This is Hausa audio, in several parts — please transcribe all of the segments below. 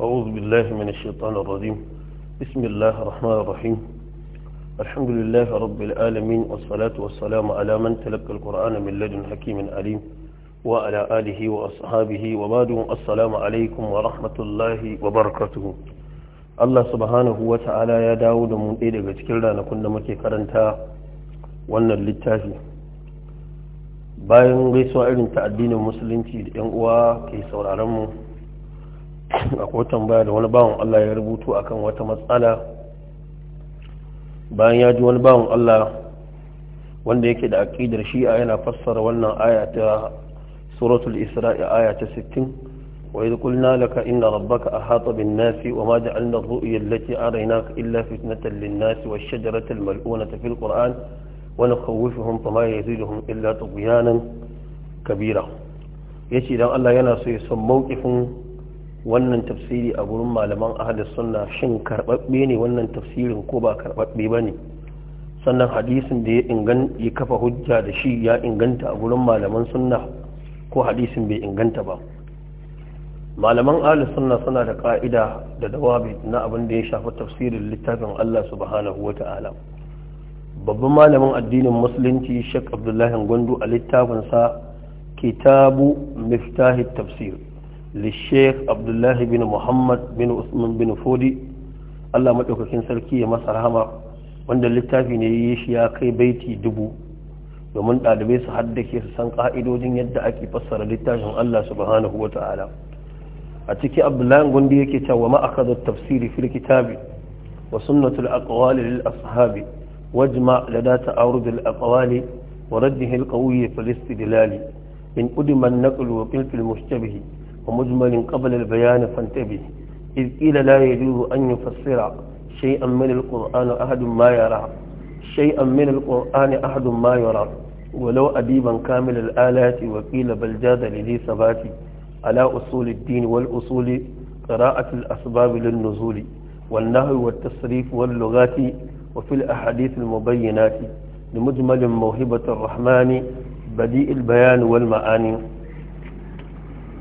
أعوذ بالله من الشيطان الرجيم بسم الله الرحمن الرحيم الحمد لله رب العالمين والصلاة والسلام على من تلقى القرآن من لدن حكيم عليم وعلى آله وأصحابه وبعد السلام عليكم ورحمة الله وبركاته Allah subhanahu wa ta'ala ya dawo da mun ɗaya daga cikin ranakun da muke karanta wannan littafi bayan gaisuwa irin ta addinin musulunci da ‘yan uwa ke sauraron mu akwai tambaya da wani bawan Allah ya rubutu akan wata matsala bayan ya ji wani bawan Allah wanda yake da aƙidar shi'a yana fassara wannan aya ta suratul isra'i aya ta 60 wa idh qulna laka inna rabbaka ahata bin nasi wa ma ja'alna ar-ru'ya allati araynaka illa fitnatan lin-nasi wash-shajarata malunata fil qur'an wa nakhawwifuhum fama yaziduhum illa tughyanan kabira yace dan Allah yana so ya san mawqifin wannan tafsiri a gurin malaman ahadis sunna shin karɓaɓɓe ne wannan tafsirin ko ba karɓaɓɓe ba ne sannan hadisin da ya inganta kafa hujja da shi ya inganta a gurin malaman suna ko hadisin bai inganta ba malaman ahadis suna suna da ka'ida da dawabi na abin da ya shafi tafsirin littafin Allah subhanahu wata'ala babban malamin addinin musulunci shek abdullahi gwandu a littafinsa kitabu miftahi tafsir للشيخ عبد الله بن محمد بن عثمان بن فودي الله sarki ya masa rahma wanda littafi ne yi shi ya kai baiti dubu domin ɗalibai su haddake su san ƙa'idojin yadda ake fassara littafin Allah subhanahu wa ta'ala a ciki abdullahi gundi yake cewa ma akadar tafsiri fil kitabi wa sunnatul aqwali lil ashabi wajma lada ta'arud al aqwali wa raddihi al qawiy fil istidlali min udman naql wa qil fil mushtabihi ومجمل قبل البيان فانتبه إذ قيل لا يجوز أن يفسر شيئا من القرآن أحد ما يرى شيئا من القرآن أحد ما يرى ولو أديبا كامل الآلات وقيل بل جاد لذي ثباتي على أصول الدين والأصول قراءة الأسباب للنزول والنهو والتصريف واللغات وفي الأحاديث المبينات لمجمل موهبة الرحمن بديء البيان والمعاني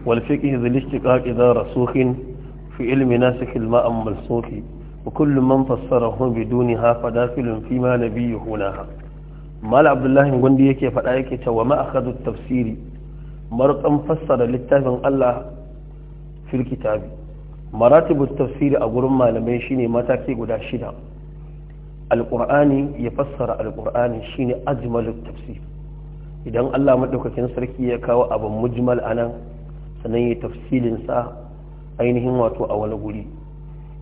والفقه ذي الاشتقاق إذا رسوخ في علم ناسخ الماء ملسوخ وكل من فسره بدونها فداخل فيما نبي هناها مال عبد الله غندي yake faɗa yake cewa ma akhadhu tafsiri marqam fassara littafin Allah fil kitabi maratibu tafsiri a gurin malamai shine mataki guda shida alqur'ani ya fassara alqur'ani shine ajmalut tafsir idan Allah madaukakin sarki ya kawo abin mujmal a nan. sannan ya tafsilin sa ainihin wato a wani guri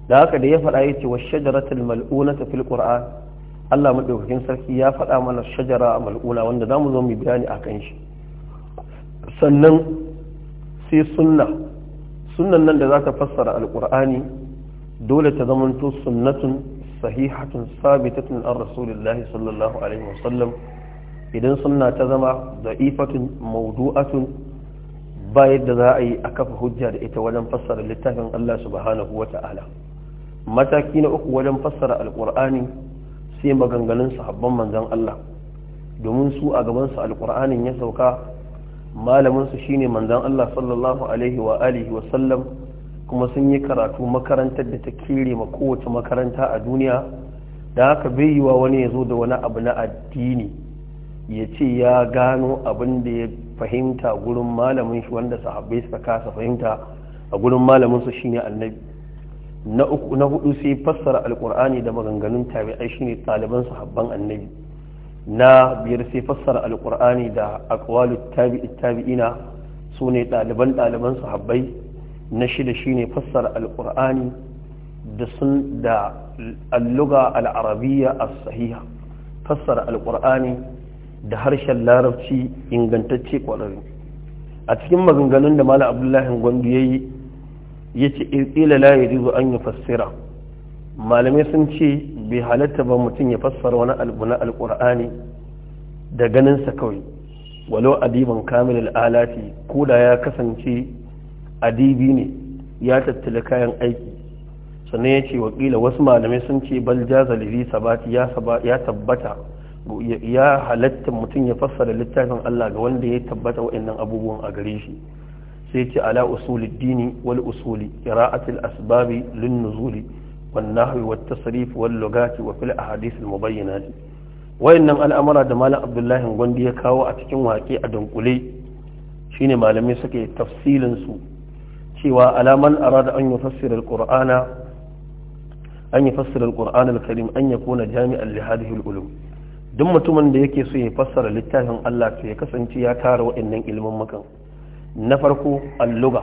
da haka da ya faɗa ya ce wa shajaratul mal'unata fil qur'an Allah madaukakin sarki ya faɗa mana shajara mal'una wanda zamu zo mu bayani akan shi sannan sai sunna sunnan nan da za fassara alqur'ani dole ta zamanto sunnatun sahihatun sabitatun an rasulillahi sallallahu alaihi wasallam idan sunna ta zama da'ifatun mawdu'atun ba yadda za a yi a kafa hujja da ita wajen fassara littafin Allah subhanahu wa ta'ala mataki na uku wajen fassara alkur'ani sai maganganun sahabban manzan Allah domin su a gaban su alkur'anin ya sauka malamin su shine manzon Allah sallallahu alaihi wa alihi wa sallam kuma sun yi karatu makarantar da ta kire ma kowace makaranta a duniya da haka bai yiwa wani ya zo da wani abu na addini ya ce ya gano abin da ya fahimta gurin malamin shi wanda sahabbai suka kasa fahimta a gurin malamin su shine annabi na uku na hudu sai fassara alqur'ani da maganganun tabi'ai shine ɗaliban sahabban annabi na biyar sai fassara alqur'ani da aqwalut tabi'i tabi'ina sune ɗaliban ɗaliban sahabbai na shida shine fassara alqur'ani da sun da alluga al'arabiya as-sahiha fassara alqur'ani da harshen larabci ingantacce kwararri a cikin maganganun da malam abdullahi gwandu ya yi ya ce eh, ƙila la ya rizo an yi fassira malamai sun ce bai halatta ba mutum ya fassara wani albu na alƙur'ani da ganinsa kawai walau adiban kamil al'alati ko da ya kasance adibi ne ya tattala kayan aiki sannan ya ce wakila wasu malamai sun ce bal jaza sabati ya tabbata ya halatta mutum ya fassara littafin Allah ga wanda ya tabbata waɗannan abubuwan a gare shi sai ce ala usuli dini wal usuli qira'atul asbabi lin nuzuli wan nahwi wat tasrif wal lugati wa fil ahadith al mubayyinat wayannan al'amara da malam abdullahi gwandi ya kawo a cikin waƙe a dunkule shine malamai suke tafsilin su cewa alaman arada an yufassira al-qur'ana an yufassira al-qur'ana al-karim an yakuna jami'an li hadhihi al-ulum duk mutumin da yake so ya fassara littafin Allah to ya kasance ya tara waɗannan ilimin na farko alluga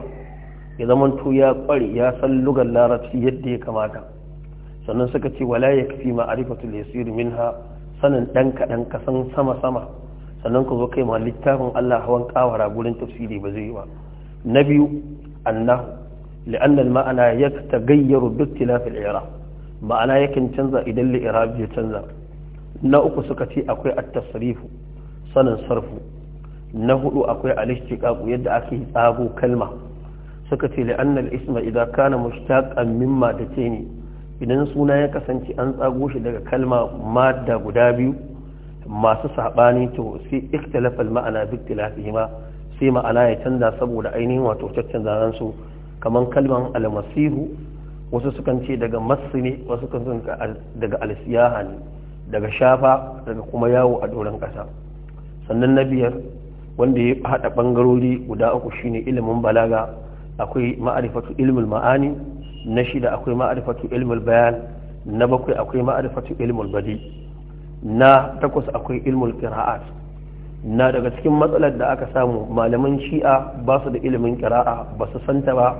ya zamanto ya kware ya san lugar larabci yadda ya kamata sannan suka ce wala ya kafi ma'arifatul yasir minha sanin dan kaɗan ka san sama sama sannan ku zo kai ma littafin Allah hawan kawara gurin tafsiri ba zai yi ba na biyu annahu لأن المعنى يتغير باختلاف الإعراب معنى يكن تنزى إذا الإعراب canza. na uku suka ce akwai at-tasrifu sanin sarfu na hudu akwai al-ishtiqaq yadda ake tsago kalma suka ce la'anna al-isma idza kana mushtaqan mimma tatini idan suna ya kasance an tsago shi daga kalma madda guda biyu masu saɓani to sai ikhtilafa al-ma'ana bi ikhtilafihima sai ma'ana ya canza saboda ainihin wato caccanza su kamar kalman al-masihu wasu sukan ce daga masu ne wasu sukan daga al-siyaha ne daga shafa daga kuma yawo a doron ƙasa sannan na biyar wanda ya haɗa ɓangarori guda uku shine ilimin balaga akwai ma'arifatu ilimin ma'ani na shida akwai ma'arifatu ilimin bayan na bakwai akwai ma'arifatu ilimin badi na takwas akwai ilimin kira'at na daga cikin matsalar da aka samu malaman shi'a ba su da ilimin kiraa ba su santa ba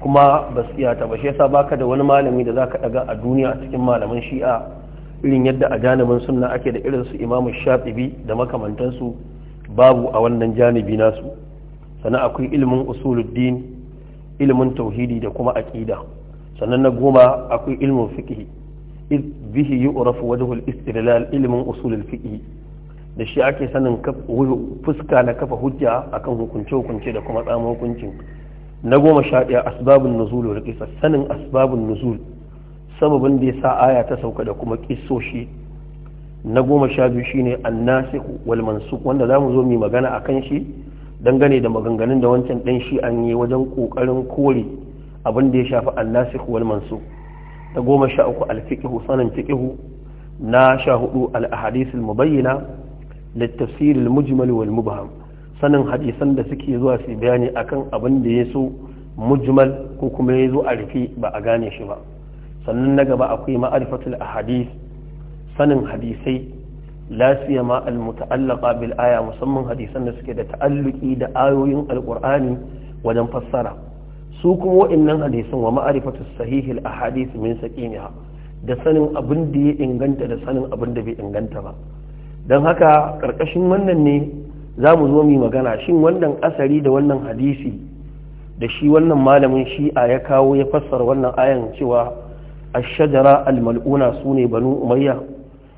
kuma ba su iya ta ba shi yasa baka da wani malami da zaka daga a duniya cikin malaman shi'a irin yadda a janibin sunna ake da irin su imamu shafibi da makamantansu babu a wannan janibi nasu sannan akwai ilimin usuluddin ilimin tauhidi da kuma aqida sannan na goma akwai ilimin fiqh iz bihi yu'rafu wajhul istilal ilimin usulul fiqh da shi ake sanin fuska na kafa hujja akan hukunce hukunce da kuma tsamin hukuncin na goma sha ɗaya asbabun nuzul wa sanin asbabun nuzul sababin da ya sa aya ta sauka da kuma kisoshi na goma sha biyu shine an wal mansuk wanda za mu zo mu magana a kan shi dangane da maganganun da wancan ɗan shi an yi wajen ƙoƙarin kore abin da ya shafi an wal mansuk ta goma sha uku alfiƙihu sanin fiƙihu na sha hudu al-ahadith al-mubayyana للتفسير المجمل والمبهم sanin hadisan da suke zuwa su bayani akan abin da ya so mujmal ko kuma ya zo a rufe ba a gane shi ba sannan na gaba akwai ma'arifatul ahadith sanin hadisai la siyama al muta'allaqa bil aya musamman hadisan da suke da ta'alluki da ayoyin alqur'ani wajen fassara su kuma wa'annan hadisan wa ma'arifatus sahihil ahadith min saqimiha da sanin abin da ya inganta da sanin abin da bai inganta ba don haka karkashin wannan ne za mu zo mu magana shin wannan asari da wannan hadisi da shi wannan malamin shi'a ya kawo ya fassara wannan ayan cewa ashajara almal'una su ne banu umayya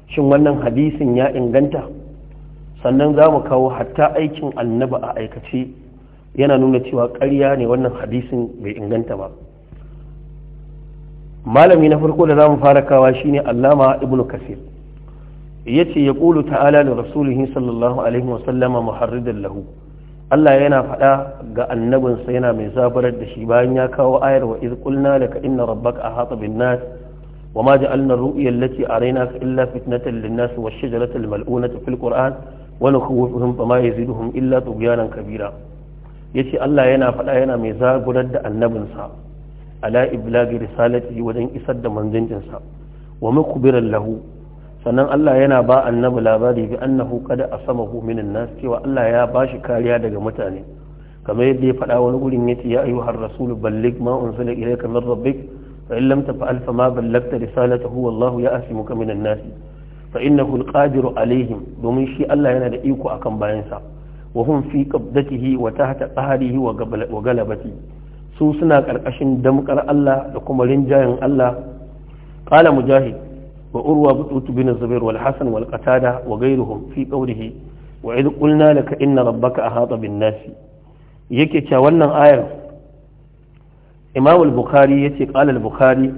shin wannan hadisin ya inganta sannan zamu kawo hatta aikin annaba a aikace yana nuna cewa ƙarya ne wannan hadisin bai inganta ba malami na farko da zamu fara kawa shine allama ibnu kasir ya ce ya ƙulu ta'ala da rasulihin sallallahu alaihi lahu Allah yana faɗa ga annabinsa yana mai zaburar da shi bayan ya kawo ayar wa iz qulna laka inna rabbaka ahata bin nas wama ja'alna ru'ya allati araynaka illa fitnatan lin nas wash shajarata al mal'unata fil qur'an wa nukhawifuhum fama yaziduhum illa tughyanan kabira yace Allah yana faɗa yana mai zaburar da annabinsa ala iblagi risalati wajen isar da manzancinsa wa mukbiran lahu sannan Allah yana ba annabi labari bi annahu qad asamahu minan nas cewa Allah ya bashi kariya daga mutane kamar yadda ya faɗa wani gurin yace ya ayyuhar rasul balligh ma unzila ilayka min rabbik fa in lam taf'al fa ma ballagta risalatahu wallahu ya'simuka minan nas fa innahu alqadiru alaihim domin shi Allah yana da iko akan bayansa wa hum fi qabdatihi wa tahta qahrihi wa galabati su suna karkashin damkar Allah da kuma rinjayen Allah qala mujahid وأروى بطوت بن الزبير والحسن والقتادة وغيرهم في قوله وإذ قلنا لك إن ربك أحاط بالناس yake cewa wannan ayar imam al-bukhari yace qala al-bukhari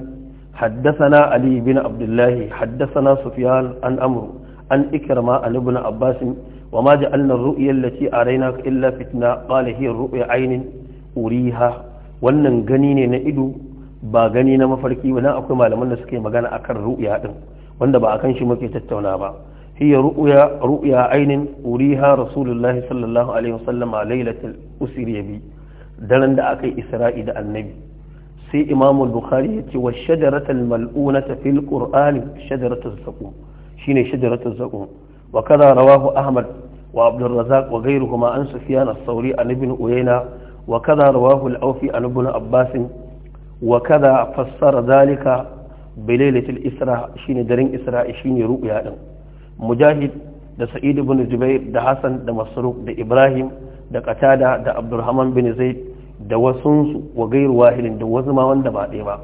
haddathana ali ibn abdullahi haddathana sufyan an amru an ikrama an ibn abbas wa ma ja'alna ar-ru'ya allati arayna illa fitna qala hiya ar-ru'ya uriha wannan gani ne na ido ba gani na mafarki ba akwai malaman da suke magana akan ru'ya din wanda ba akan shi muke tattauna ba hiya ru'ya ru'ya ainin uriha rasulullahi sallallahu alaihi wasallam a lailatul usriya bi daren da aka yi isra'i da annabi sai imam bukhari ya ce wa shajaratul mal'unata fil qur'ani shajaratul zaqum shine shajaratul zaqum wa kaza rawahu ahmad wa abdul razzaq wa ghayruhuma an sufyan as-sawri an ibn uyayna wa kaza rawahu al-awfi an wa kada fassara zalika bilailatul isra shine daren isra shine ru'ya ɗin mujahid da sa'id ibn jubair da hasan da masruq da ibrahim da katada da abdurrahman bin zaid da wasunsu wa gairu wahilin da wasu ma wanda ba ɗaya ba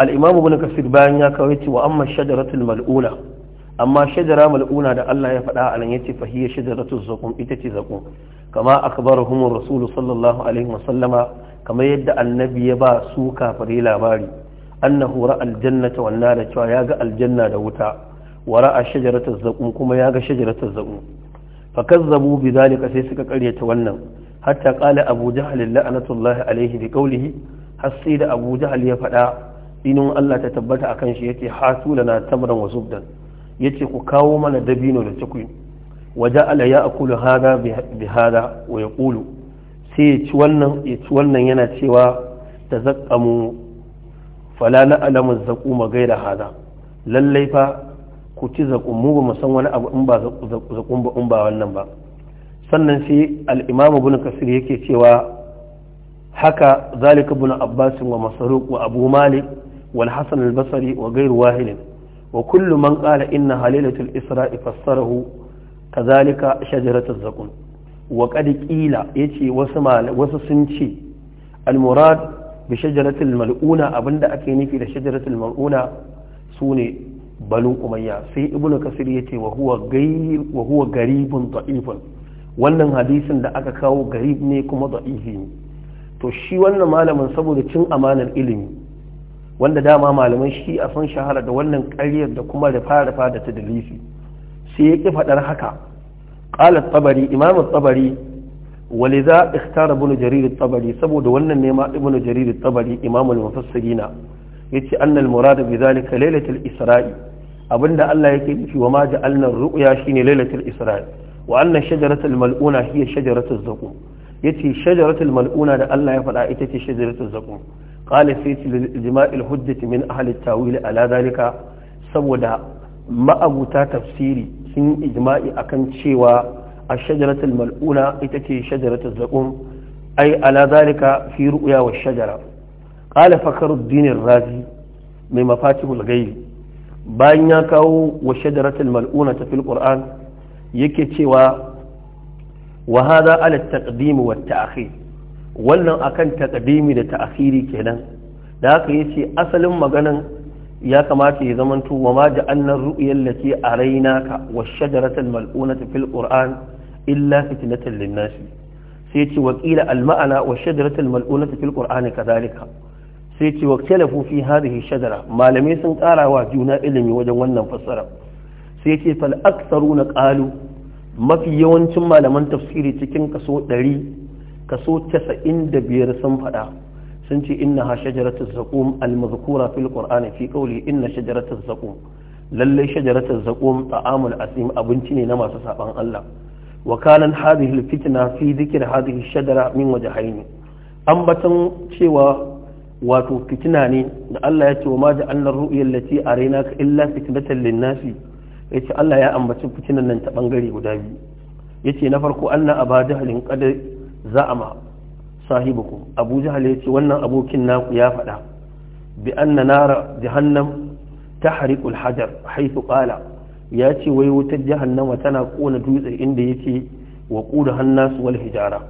al-imam ibn kasir bayan ya kawo yace wa amma shajaratul mal'una amma shajara mal'una da Allah ya faɗa a nan yace fa hiya shajaratul zaqum ita ce zaqum kama akbarahum rasul sallallahu alaihi wa sallama kamar yadda annabi ya ba su kafare labari annahu ra'a ta wanna da cewa ya ga aljanna da wuta wa ra'a shajarata zaqum kuma ya ga shajarata zaqum fa kazzabu bi zalika sai suka karyata wannan hatta qala abu jahl la'natullahi alayhi bi qawlihi hasi da abu jahl ya fada dinin Allah ta tabbata akan shi yace hasulana tamran wa zubdan yace ku kawo mana dabino da tukui waje alaya ya akulu hada bi hada wa yaqulu sai ya ci wannan ya ci wannan yana cewa ta zaƙamu fala na alamun zaƙu ma gaira hada lallai fa ku ci zaƙun mu ba mu san wani abu in ba zaƙun ba in ba wannan ba sannan sai al'imamu bin kasir yake cewa haka zalika bin abbas wa masaruk wa abu malik wal hasan al-basri wa gairu wahilin wa kullu man qala inna halilatul isra'i fassarahu kadhalika shajaratul zaqum wa kad qila yace wasu wasu sun ce al murad bi shajaratil mal'una abinda ake nufi da shajaratil mal'una sune banu umayya sai ibnu kasir yace wa huwa gayr wa huwa garibun da'ifun wannan hadisin da aka kawo garib ne kuma da'ifi ne to shi wannan malamin saboda cin amanar ilimi wanda dama malaman shi a san shahara da wannan ƙaryar da kuma da fara da ta dalisi sai ya ƙi faɗar haka qala at-tabari imam za tabari ولذا اختار ابن جرير الطبري saboda wannan ne ma ibn jarir at-tabari imam al-mufassirin yace anna al-murad bi zalika lailatul isra'i abinda Allah yake nufi wa ma ja'alna ar-ru'ya shine lailatul isra'i wa anna shajaratul mal'una hiya shajaratuz zaqum yace shajaratul mal'una da Allah ya faɗa ita ce shajaratuz zaqum qala fi ijma'il hujjati min ahli at-tawil saboda ma'abuta tafsiri sun yi ijma'i akan cewa a shajaratul mal'una ita ce shajaratul zaƙum ai ala zalika fi ru'ya wa shajara qala fakhruddin razi mai mafatihul ghaib bayan ya kawo wa shajaratul mal'una ta fil qur'an yake cewa wa hada ala taqdim wa ta'khir wannan akan taqdimi da ta'khiri kenan da haka yace asalin maganan ya kamata ya zamanto wa ma ja'alna a rainaka arainaka wash-shajaratal mal'unata fil qur'an illa fitnatan lin-nas sai ce wa al-ma'ana wash-shajaratal mal'unata fil qur'ani kadhalika sai ce wa talafu fi hadhihi shajara malamai sun ƙara wa juna ilimi wajen wannan fassara sai ce fal na qalu mafi yawancin malaman tafsiri cikin kaso ɗari kaso biyar sun faɗa sun ce innaha shajaratu zaqum al-mazkura fil qur'ani fi qawli inna shajaratu zaqum lalle shajaratu zaqum ta'amul asim abinci ne na masu saban Allah wa kanan hadhihi al-fitna fi dhikr hadhihi shajara min wajhayn ambatan cewa wato fitina ne da Allah ya ce wa ma ja'alna ar-ru'ya allati araynaka illa fitnatan lin-nasi yace Allah ya ambaci fitinan nan ta bangare guda biyu yace na farko anna abajahlin qad za'ama sahibukum abu jahal ce wannan abokin naku ya faɗa bi anna nara jahannam tahriqu al-hajar haythu ya ce wai wutar jahannama tana kona dutse inda yake wa qulu hannasu wal hijara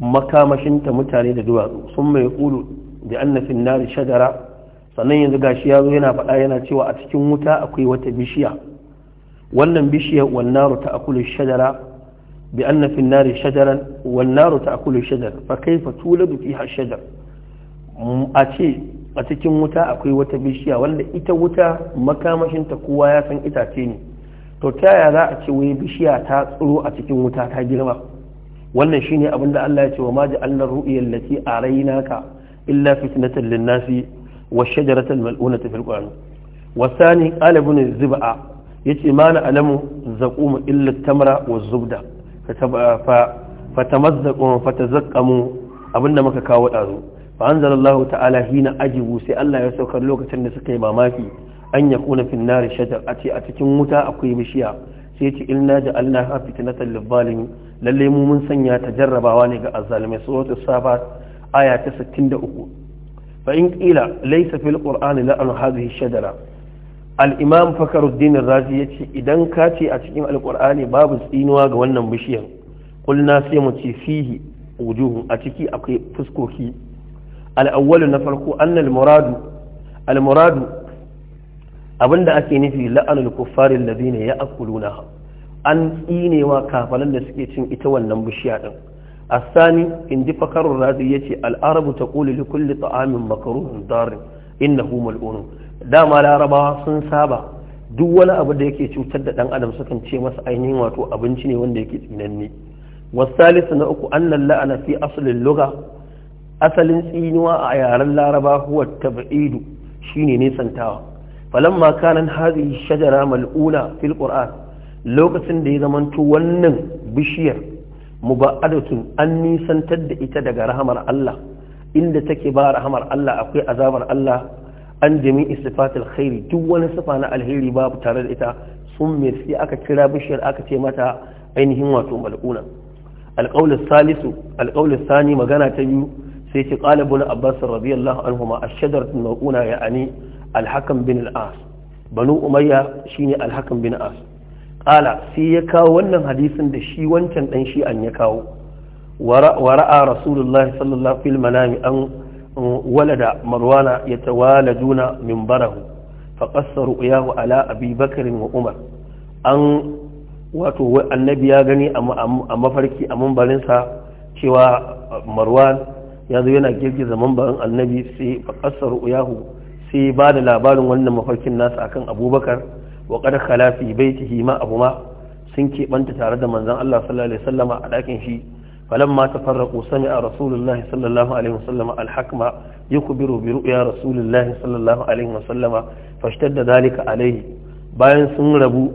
makamashinta mutane da duwatsu sun mai kulu da annafin nari shajara sannan yanzu gashi ya zo yana faɗa yana cewa a cikin wuta akwai wata bishiya wannan bishiyar wannaru ta akulu shajara بأن في النار شجرا والنار تأكل الشجر فكيف تولد فيها الشجر أتي أتكين متى أكوي وتبشيا ولا إتا وتا مكامش انت قوايا سن إتاتيني to ta yaya za a ce wai bishiya ta tsiro a cikin wuta ta girma wannan shine abin da Allah ya ce wa ma ja'alna ru'ya allati araynaka illa fitnatan lin-nasi wash-shajarata al-mal'unata fil qur'an wasani qala ibn zuba yace ma alamu zaqum illa tamara wa zubda fatamazzaqu fatazaqqamu abinda muka kawo dazu fa anzalallahu ta'ala hina ajibu sai Allah ya saukar lokacin da suka yi mamaki an yakuna fin nari shajar a ce a cikin wuta akwai bishiya sai ce inna ja'alna ha fitnatan lil zalimin lalle mu mun sanya ta jarrabawa ne ga azzalimai suratu safat aya ta 63 fa in qila laysa fil qur'ani la'an hadhihi shajara al'imam fakaruddin razi ya ce idan ka ce a cikin alƙur'ani babu tsinuwa ga wannan bishiyar kulna sai mu ce fihi wujuhun a ciki akwai fuskoki al'awwalu na farko annal muradu al-muradu abinda ake nufi la'anul kuffarin ladina ya akuluna an tsinewa kafalan da suke cin ita wannan bishiya din asani in ji fakarun razi ya ce al'arabu ta kuli likulli ta'amin makaruhun darin innahu mal'unun dama larabawa sun saba duk wani abu da yake cutar da dan adam sukan ce masa ainihin wato abinci ne wanda yake tsinanne wasalisu na uku annan la'ana fi asalin lugha asalin tsinuwa a yaren laraba huwa tab'idu shine nisantawa falamma kanan hadhihi shajara mal'una fil qur'an lokacin da ya zamanto wannan bishiyar muba'adatun an nisantar da ita daga rahamar Allah inda take ba rahamar Allah akwai azabar Allah an jami'i sifatul khairi duk wani sifa na alheri babu tare da ita sun mersi aka kira bishiyar aka ce mata ainihin wato mal'una alqaulus salisu sani magana ta biyu sai ce kala ibn abbas radiyallahu anhu ma shajaratu mal'una ya'ani al-hakam bin al banu umayya shine alhakan bin as qala sai ya kawo wannan hadisin da shi wancan dan shi an ya kawo wara'a rasulullahi sallallahu alaihi wasallam fil manami an walada marwana ya tawaladuna min barahu faƙasar ru'yahu ala abi umar an wato ya gani a mafarki a mambarinsa cewa marwan ya zo yana girgiza mambarin annabi sai faƙasar ru'yahu sai ba da labarin wannan mafarkin nasa akan abubakar wa kada khalafi baitihi ma abu ma sun keɓanta tare da manzon Allah sallallahu alaihi a ɗakin shi فلما تفرقوا سمع رسول الله صلى الله عليه وسلم الحكم يخبر برؤيا رسول الله صلى الله عليه وسلم فاشتد ذلك عليه bayan sun rabu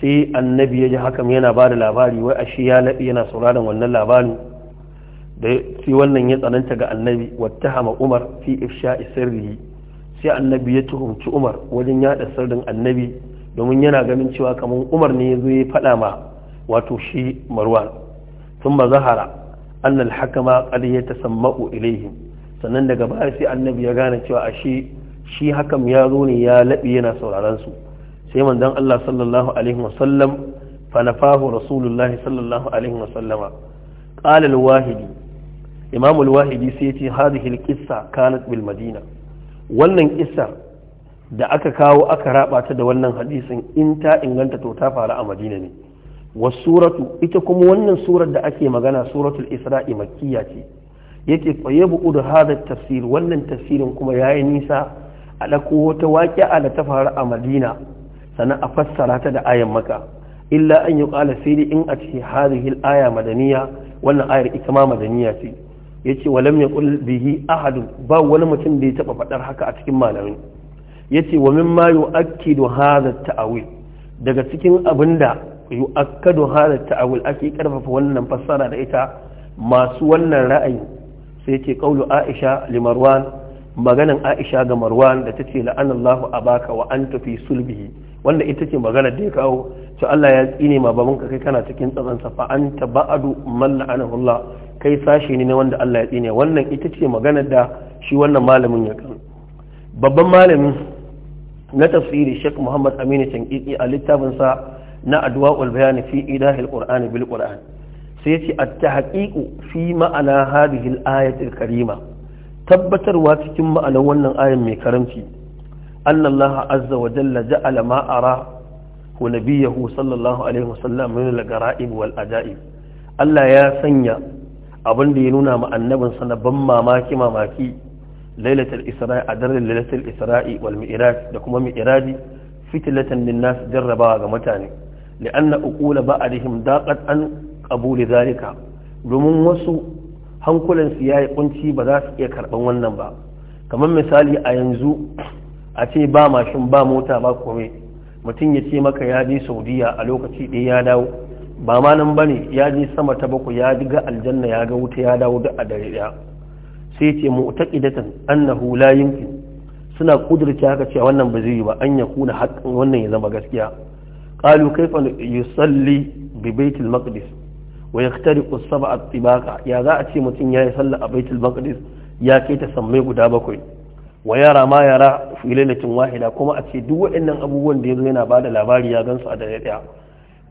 sai annabi ya ji hakan yana ba da labari wai ashe ya laɓi yana sauraron wannan labarin da sai wannan ya tsananta ga annabi wattahama umar fi ifsha sirri sai annabi ya tuhumci umar wajen yada sirrin annabi domin yana ganin cewa kamar umar ne ya zo ya faɗa ma wato shi marwan ثم ظهر أن الحكم قد يتسمأ إليهم sannan daga baya sai annabi ya gane cewa ashe shi hakan ya zo ne ya laɓi yana sauraron su sai manzon Allah sallallahu alaihi wasallam fa nafahu rasulullahi sallallahu alaihi wasallama qala al-wahidi imam al-wahidi sai yace hadhihi al-qissa kanat bil madina wannan kissar da aka kawo aka raba ta da wannan hadisin in ta inganta to ta faru a madina ne wasuratu ita kuma wannan surar da ake magana suratul isra'i makkiya ce yake kwaye bu'u da hada tafsir wannan tafsirin kuma yayi nisa a dako wata waƙi'a da ta faru a madina sannan a fassara ta da ayan maka illa an yi ƙala sai in a ce hadhihi aya madaniya wannan ayar ita ma madaniya ce yace walam yaqul bihi ahadun ba wani mutum da ya taba faɗar haka a cikin malamin yace wa mimma yu'akkidu hadha at-ta'wil daga cikin abinda yu'akkadu hada ta'awul ake karfafa wannan fassara da ita masu wannan ra'ayi sai ce qaulu Aisha li Marwan maganan Aisha ga Marwan da tace la'anallahu abaka wa anta fi sulbihi wanda ita ce magana da ya kawo to Allah ya tsine ma babanka kai kana cikin tsazan sa fa anta ba'adu man la'anahu Allah kai sashi ne wanda Allah ya tsine wannan ita ce magana da shi wannan malamin ya kan babban malamin na tafsiri Sheikh Muhammad Aminu Shankiki a littafinsa na adwa'ul bayani fi idahil qur'ani bil qur'an sai yace ta haƙiƙu fi ma'ana hadihil al-ayati karima tabbatarwa cikin ma'anar wannan ayan mai karamci annallaha azza wa jalla ja'ala ma ara wa nabiyahu sallallahu alaihi wasallam min al-gara'ib wal ajaib Allah ya sanya abin da ya nuna ma sa na ban mamaki mamaki lailatul isra'i a daren lailatul isra'i wal mi'raj da kuma mi'raji fitilatan lin nas jarrabawa ga mutane لأن أقول بعضهم ضاقت an قبول zalika domin wasu hankulansu ya yi kunci ba za su iya karɓan wannan ba kamar misali a yanzu a ce ba mashin ba mota ba kome mutum ya ce maka ya je saudiya a lokaci ɗaya ya dawo ba ma nan ba ne ya je sama ta bakwai ya ga aljanna ya ga wuta ya dawo duk a dare ɗaya sai ce mu ta ƙidatan annahu la yumkin suna kudurci haka cewa wannan ba zai yi ba an ya kuna haƙƙin wannan ya zama gaskiya قالوا كيف يصلي ببيت المقدس ويخترق السبع الطباق يا ذا أتي متين يا يصلى بيت المقدس يا كي تسمي قدابكوي ويرى ما يرى في ليلة واحدة كما أتي دو إن أبوان ديزوين بعد لاباري يا غنس أدريتها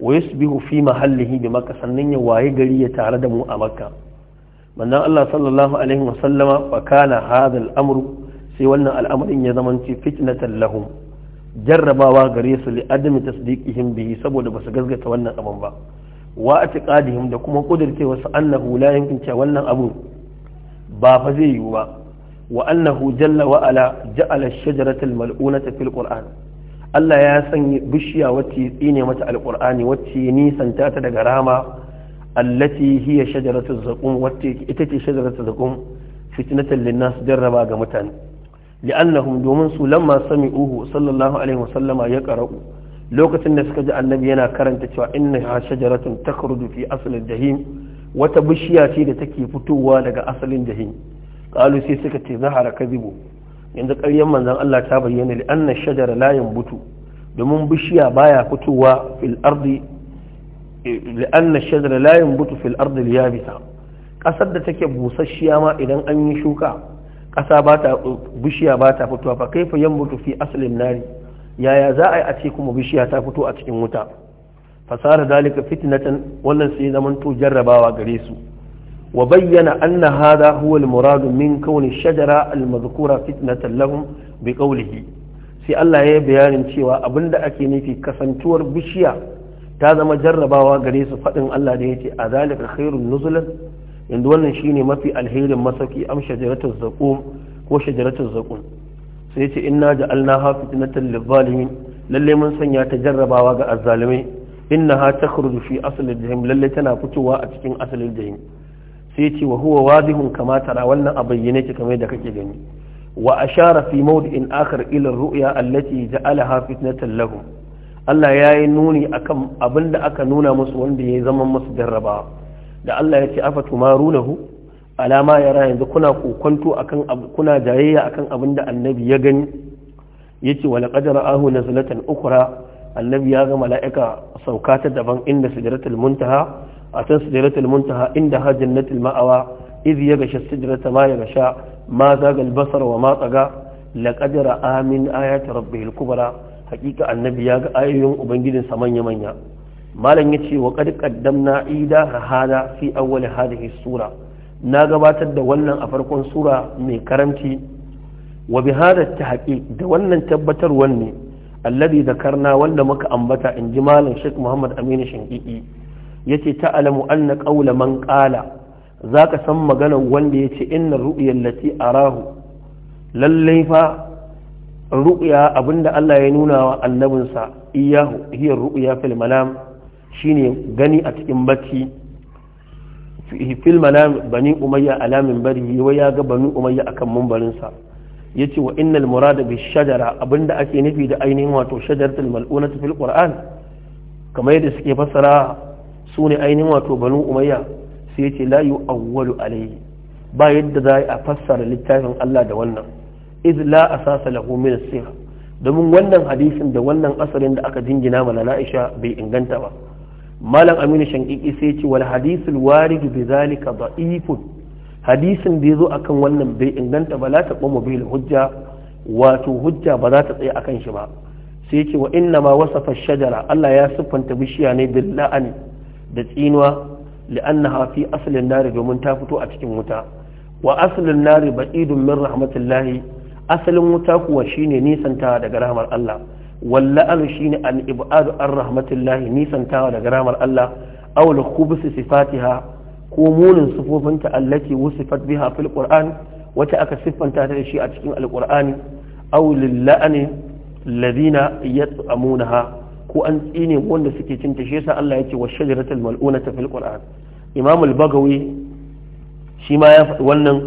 ويسبه في محله بمكة سنين واي قري يتعرض مؤمكة من الله صلى الله عليه وسلم فكان هذا الأمر سوى أن الأمر إن يضمن فتنة لهم jarrabawa gare su li adami tasdiqihim bihi saboda basu gazgata wannan abun ba wa atiqadihim da kuma kudircewa su annahu la yumkin cewa wannan abu ba fa zai yiwu ba wa annahu jalla wa ala ja'ala shajarata al fil qur'an Allah ya sanya bishiya wacce tsine mata alqur'ani wacce nisanta ta daga rama allati hiya shajaratu zaqum wacce ita ce shajaratu zaqum fitnatan lin jarraba ga mutane li'annahum domin sulan masu sami uhu alaihi ya qara'u lokacin da suka ji annabi yana karanta cewa inna shajaratun takhruju fi aslil jahim wata bishiya ce da take fitowa daga asalin jahim qalu sai suka ce zahara kadhibu yanzu ƙaryan manzan Allah ta bayyana li anna shajara layin yanbutu domin bishiya baya fitowa fil ardi li anna shajara la yanbutu fil ardi kasar da take busasshiya ma idan an yi shuka ƙasa ba ta bishiya ba ta fitowa fa kaifa yambutu fi aslin nari yaya za a yi a ce kuma bishiya ta fito a cikin wuta fasara dalika fitnatan wannan sai zaman to jarrabawa gare su wa bayyana anna hadha huwa al min kauni shajara al-madhkura fitnatan lahum bi qawlihi sai Allah ya bayanin cewa abinda ake nufi kasantuwar bishiya ta zama jarrabawa gare su fadin Allah da ce a zalika khairun nuzulan yanzu wannan shine mafi alherin masauki am shajaratul zaqum ko shajaratul zaqum sai ce inna ja'alnaha fitnatan lil-zalimin lalle mun sanya ta jarrabawa ga azzalimai innaha takhruju fi asli jahim lalle tana fitowa a cikin asalin jahim sai ce wa huwa wadihun kama tara wannan a bayyane ki kamar da kake gani wa ashara fi mawdi'in akhar ila ru'ya allati ja'alaha fitnatan lahum Allah ya yi nuni akan abinda aka nuna musu wanda ya zama musu jarrabawa da Allah ya ce afatu marunahu alama yara yanzu kuna kokonto akan kuna jayayya akan abin da annabi ya gani yace wala qad ra'ahu nazlatan ukura? annabi ya ga mala'ika sauka ta daban inda sidratul muntaha a can sidratul muntaha inda ha jannatul ma'awa idh yaghsha sidrata ma yaghsha ma zaga al-basar wa ma tsaga laqad ra'a min ayati rabbihil kubra hakika annabi ya ga ayoyin ubangijinsa manya manya malam yace wa qad na ida hada fi awwal hadhihi sura na gabatar da wannan a farkon sura mai karamci wa bi hada tahqiq da wannan tabbatarwar ne alladhi dhakarna wanda muka ambata inji malam Sheikh Muhammad Aminu Shinkiki yace ta anna qawla man qala zaka san maganar wanda yace inna ru'ya allati arahu lallai fa ru'ya abinda Allah ya nuna wa annabinsa iyahu hiya ru'ya fil malam shine gani a cikin bacci fil manam bani umayya alamin bari wai ya ga bani umayya akan mumbarin sa yace wa innal murada bi shajara abinda ake nufi da ainihin wato shajaratul mal'unatu fil qur'an kamar yadda suke fassara su ne ainihin wato banin umayya sai yace la yu'awwalu alayhi ba yadda za a fassara littafin Allah da wannan iz la asasa lahu min domin wannan hadisin da wannan asalin da aka jingina mana na'isha bai inganta ba malam aminu shankiki sai ce wal hadisul warid bi zalika da'ifun hadisin da yazo akan wannan bai inganta ba la taqumu bil hujja wato hujja ba za ta tsaye akan shi ba sai ce wa inna ma wasafa shajara Allah ya siffanta bishiya ne bil la'an da tsinuwa li'annaha fi aslin nari domin ta fito a cikin wuta wa aslin nari ba'idun min rahmatillahi asalin wuta kuwa shine ta daga rahmar Allah walla'ar shi ne ib'adu an rahmatullahi nisantawa daga ramar Allah awul kubusu sifatiha ko munin sufofinta allati wusifat biha fil qur'an wata aka siffanta ta da shi a cikin alqur'ani aw lilla'ani ladina yat'amunaha ko an tsine wanda suke cin ta shi Allah yake wa shajaratul mal'unata fil qur'an imam al-bagawi shi ma ya faɗi wannan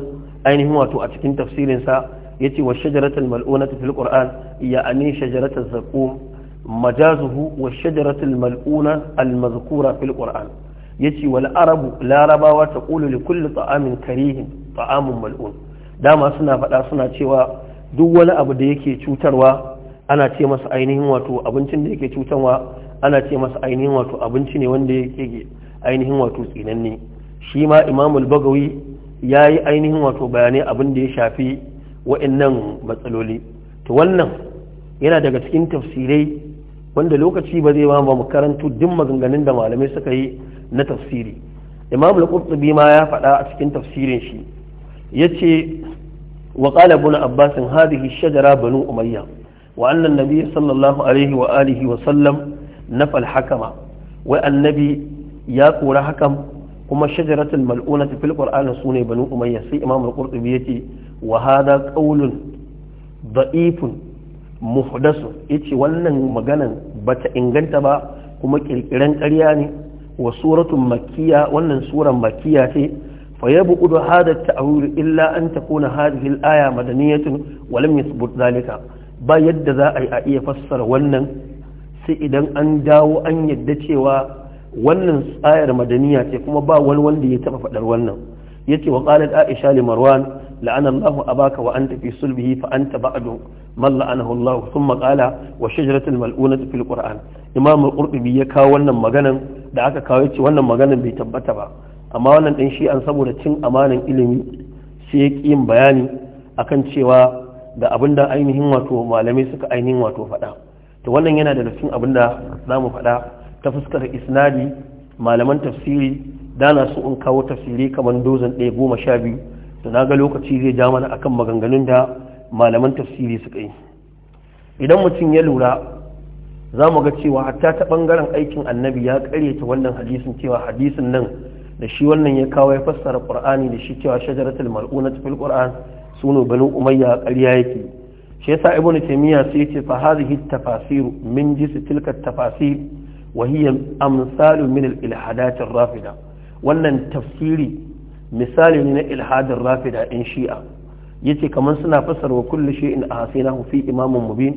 ainihin wato a cikin tafsirinsa yace wa shajaratul mal'unatu fil qur'an ya'ani shajaratul zaqum majazuhu wa shajaratul mal'una al mazkura fil qur'an yace wal arabu larabawa taqulu li kulli ta'amin karihin ta'amun mal'un dama suna faɗa suna cewa duk wani abu da yake cutarwa ana ce masa ainihin wato abincin da yake cutarwa ana ce masa ainihin wato abinci ne wanda yake ainihin wato tsinanne shi ma imamul bagawi ya yi ainihin wato bayanai abin da ya shafi wa'annan matsaloli to wannan yana daga cikin tafsirai wanda lokaci ba zai ba mu karantu duk maganganun da malamai suka yi na tafsiri imam al-qurtubi ma ya faɗa a cikin tafsirin shi yace wa qala ibn abbas hadhihi shajara banu umayya wa anna an-nabiy sallallahu alaihi wa alihi wa sallam nafa al-hakama wa annabi ya kora hakam kuma shajaratul mal'unati fil qur'an sune banu umayya sai imam al-qurtubi yace wa hada qaulun muhdasu yace wannan maganan bata inganta ba kuma kirkiran ƙarya ne wa suratun makkiya wannan suran makkiya ce fa yabudu hada ta'wil illa an takuna hadhihi al-aya madaniyatun wa lam yathbut dhalika ba yadda za a iya fassara wannan sai idan an dawo an yadda cewa wannan tsayar madaniya ce kuma ba wani wanda ya taba faɗar wannan yace wa qalat aisha li marwan la'ana Allah abaka wa anta fi sulbihi fa anta ba'du man la'anahu Allah thumma qala wa shajaratul mal'unati fil qur'an imam al-qurtubi ya kawo wannan maganan da aka kawo yace wannan maganan bai tabbata ba amma wannan din shi an saboda cin amanan ilimi sai yin bayani akan cewa da abin da ainihin wato malamai suka ainihin wato faɗa to wannan yana da cikin abin da za mu faɗa ta fuskar isnadi malaman tafsiri dana su in kawo tafsiri kamar dozan ɗaya goma sha biyu da na ga lokaci zai ja mana akan maganganun da malaman tafsiri suka yi idan mutum ya lura za mu ga cewa hatta ta ɓangaren aikin annabi ya karyata wannan hadisin cewa hadisin nan da shi wannan ya kawo ya fassara qur'ani da shi cewa shajaratul mal'una fil qur'an sunu banu umayya ƙarya yake shi yasa ibnu taymiya sai yace fa hadhihi tafasir min jis tilka tafasir wa hiya amsalu min al rafida wannan tafsiri misali ne na ilhadin rafida in shi'a yace kamar suna fassara wa kullu shay'in ahsinahu fi imamin mubin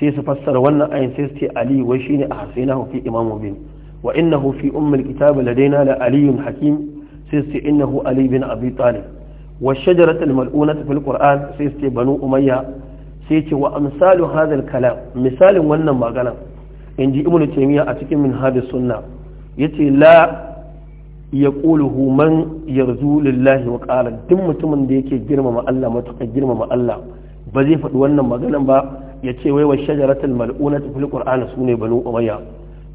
sai su fassara wannan ayin sai su ce ali wai shine ahsinahu fi imamin mubin wa innahu fi ummul kitab ladaina la aliyun hakim sai su ce innahu ali bin abi talib wa shajaratul mal'unatu fil qur'an sai su ce banu umayya sai ce wa amsalu hadha kalam misalin wannan magana inji ibnu taymiya a cikin minhaj sunna yace la ya ƙuluhu man yarzu lillahi wa duk mutumin da yake girmama Allah matuƙa girmama Allah ba zai faɗi wannan maganan ba ya ce wai wa shajaratul mal'una fil qur'an sune banu umayya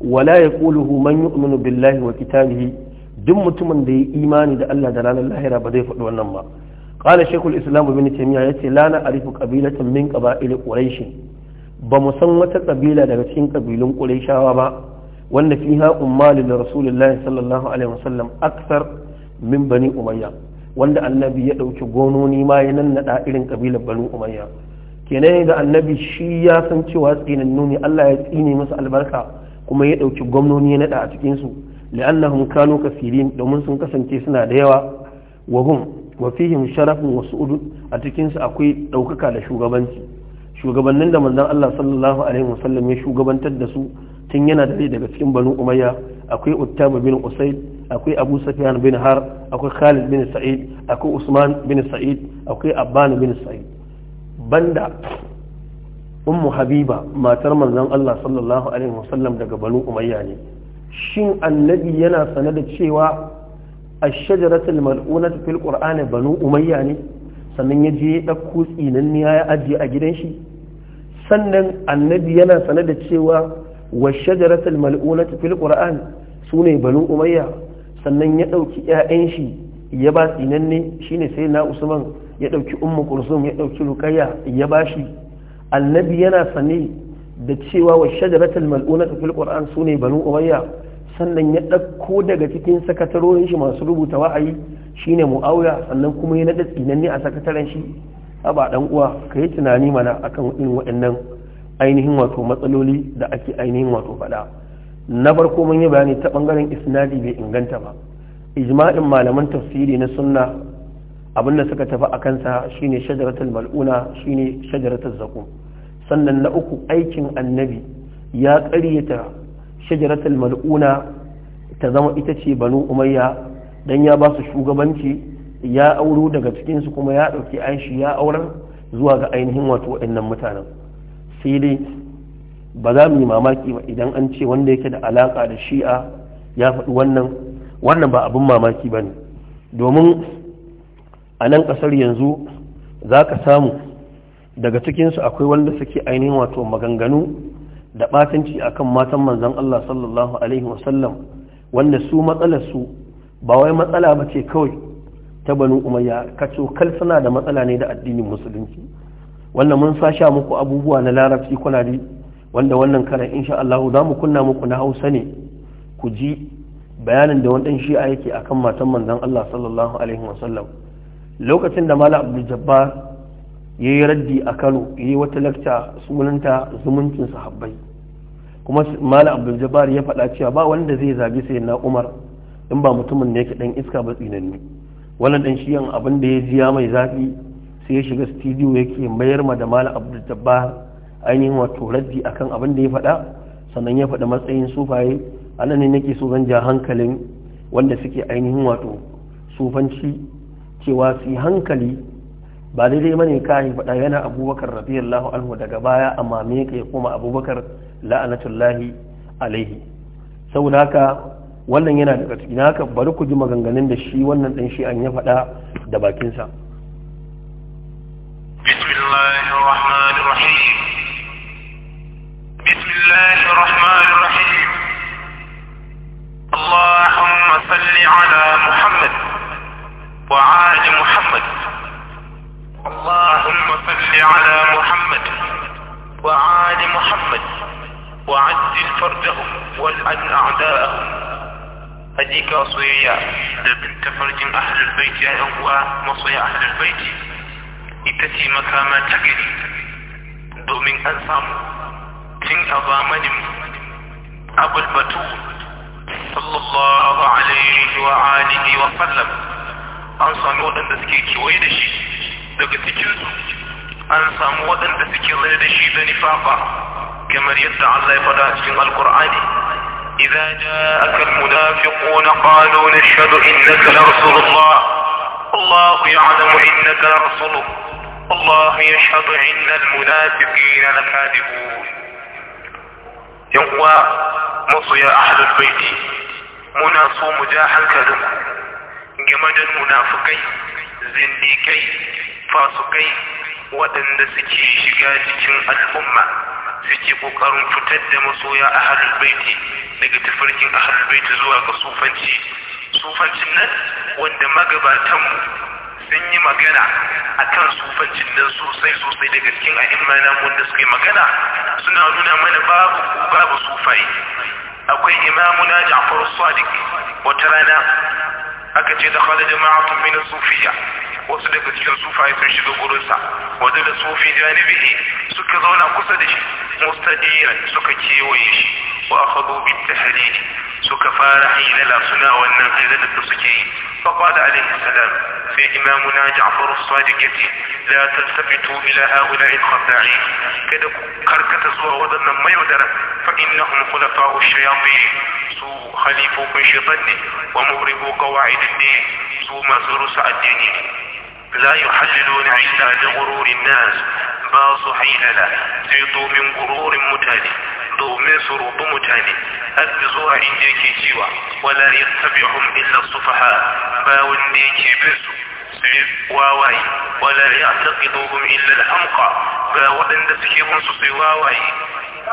wala yaquluhu man yu'minu billahi wa kitabihi duk mutumin da ya imani da Allah da ranar lahira ba zai faɗi wannan ba qala shaykhul islam ibn taymiya yace la na arifu qabilatan min qaba'il quraish ba mu san wata kabila daga cikin kabilun quraishawa ba wanda fiha ummalu da rasulullahi sallallahu alaihi wasallam aksar min bani umayya wanda annabi ya ɗauki gononi ma ya nannaɗa irin ƙabilar bani umayya kenan da annabi shi ya san cewa tsinannu ne Allah ya tsine masa albarka kuma ya ɗauki gwamnoni ya naɗa a cikinsu su li'annahum kanu kasirin domin sun kasance suna da yawa wa hum wa fihim sharafun a cikinsu akwai ɗaukaka da shugabanci shugabannin da manzon Allah sallallahu alaihi wasallam ya shugabantar da su tun yana da daga cikin banu umayya akwai uttama bin usaid akwai abu safiyan bin har akwai khalid bin sa'id akwai usman bin sa'id akwai abban bin sa'id banda ummu habiba matar manzon Allah sallallahu alaihi wasallam daga banu umayya ne shin annabi yana sanar da cewa ash-shajaratul mal'unat fil qur'ani banu umayya ne sannan ya je ya ɗauko tsinanniya ya ajiye a gidan shi sannan annabi yana sanar da cewa wa shajaratul mal'unati fil qur'an sune banu umayya sannan ya dauki ƴaƴan shi ya ba tsinanne shine sai na usman ya ɗauki ummu kursum ya ɗauki ruqayya ya ba shi. annabi yana sane da cewa wa shajaratul mal'unati fil qur'an sune banu umayya sannan ya ɗauko daga cikin sakatarorin shi masu rubuta wa'ayi shine mu'awiya sannan kuma ya naɗa tsinanne a sakataren shi Aba ɗan uwa ka yi tunani mana akan irin waɗannan ainihin wato matsaloli da ake ainihin wato faɗa na farko mun yi bayani ta ɓangaren isnadi bai inganta ba ijma'in malaman tafsiri na sunna abin da suka tafi a kansa shine shajaratul mal'una shine shajaratul zakum sannan na uku aikin annabi ya ƙaryata shajaratul mal'una ta zama ita ce banu umayya dan ya ba su shugabanci ya auro daga cikinsu kuma ya ɗauki aishi ya aurar zuwa ga ainihin wato waɗannan mutanen sai dai ba za mu yi mamaki ba idan an ce wanda yake da alaka da shi'a ya faɗi wannan wannan ba abin mamaki ba ne domin a nan ƙasar yanzu za ka samu daga cikinsu akwai wanda suke ainihin wato maganganu da ɓatanci akan matan manzan Allah sallallahu alaihi wasallam wanda su matsalarsu ba wai matsala ba ce kawai ta banu umayya kaco kal suna da matsala ne da addinin musulunci wannan mun sasha muku abubuwa na larabci kuna ji wanda wannan karan insha Allah za mu kunna muku na Hausa ne ku ji bayanin da wannan shi'a yake akan matan manzon Allah sallallahu alaihi sallam lokacin da Malam Abdul Jabbar yayi raddi a Kano yayi wata lakta sunanta zumuncin sahabbai kuma Malam Abdul Jabbar ya faɗa cewa ba wanda zai zabi sai na Umar in ba mutumin ne yake dan iska ba tsinanni wannan dan shi'an abin da ya ji mai zafi sai ya shiga studio yake mayar ma da malam abdul jabbar ainihin wato raddi akan abin da ya faɗa sannan ya faɗa matsayin sufaye a ne nake so zan ja hankalin wanda suke ainihin wato sufanci cewa su hankali ba daidai mane kayi faɗa yana abubakar radiyallahu anhu daga baya amma me ka ya koma abubakar la'anatullahi alaihi saboda haka wannan yana daga cikin haka bari ku ji maganganun da shi wannan dan shi an ya faɗa da bakinsa بسم الله الرحمن الرحيم بسم الله الرحمن الرحيم اللهم صل على محمد وعال محمد اللهم صل على محمد وعال محمد وعزل فردهم والعن أعداءهم هديك وصيا لبنت فرج أهل البيت يا أهواء وصي أهل البيت itace makama ta gari domin an samu tun a zamanin abulbatu sallallahu alaihi wa alihi wa sallam an samu waɗanda suke kewaye da shi daga cikinsu an samu waɗanda suke zai da shi da nifafa kamar yadda Allah ya faɗa cikin alkur'ani إذا جاءك المنافقون قالوا نشهد إنك لرسول الله الله يعلم إنك لرسوله الله يشهد عند المنافقين لكاذبون يقوى مصيا أهل البيت مناصو مجاحا كذب جمد المنافقين زنديكي فاسقي waɗanda suke shiga cikin al'umma suke ƙoƙarin fitar da masoya a daga tafarkin a zuwa ga sufanci sufancin sun yi magana a kan sufancin nan sosai sosai daga cikin a'imma nan wanda suka yi magana suna nuna mana babu babu sufai akwai imamuna Ja'far Sadiq wata rana aka ce da khalid ma'atu min sufiya wasu daga cikin sufai sun shiga gurinsa wanda da sufi janibi suka zauna kusa da shi mustadiran suka kewaye shi wa akhadu bit tahlil suka fara hilala suna wannan hilalar da suke yi fa qala alaihi salam إمامنا جعفر الصادق لا تلتفتوا إلى هؤلاء الخداعين كذا كركة سوى وضن ما يدرى فإنهم خلفاء الشياطين سوء خليفوك شيطان ومغرب قواعد الدين سوء مزور سعديني الدين لا يحللون عيسى لغرور الناس باص لا زيطوا من غرور متالي domin مصر roƙi mutane har zuwa inda yake cewa wala yattabi'uhum illa sufaha واواي ولا يعتقدهم الا الحمقى فاوضن دسكي ونصف واواي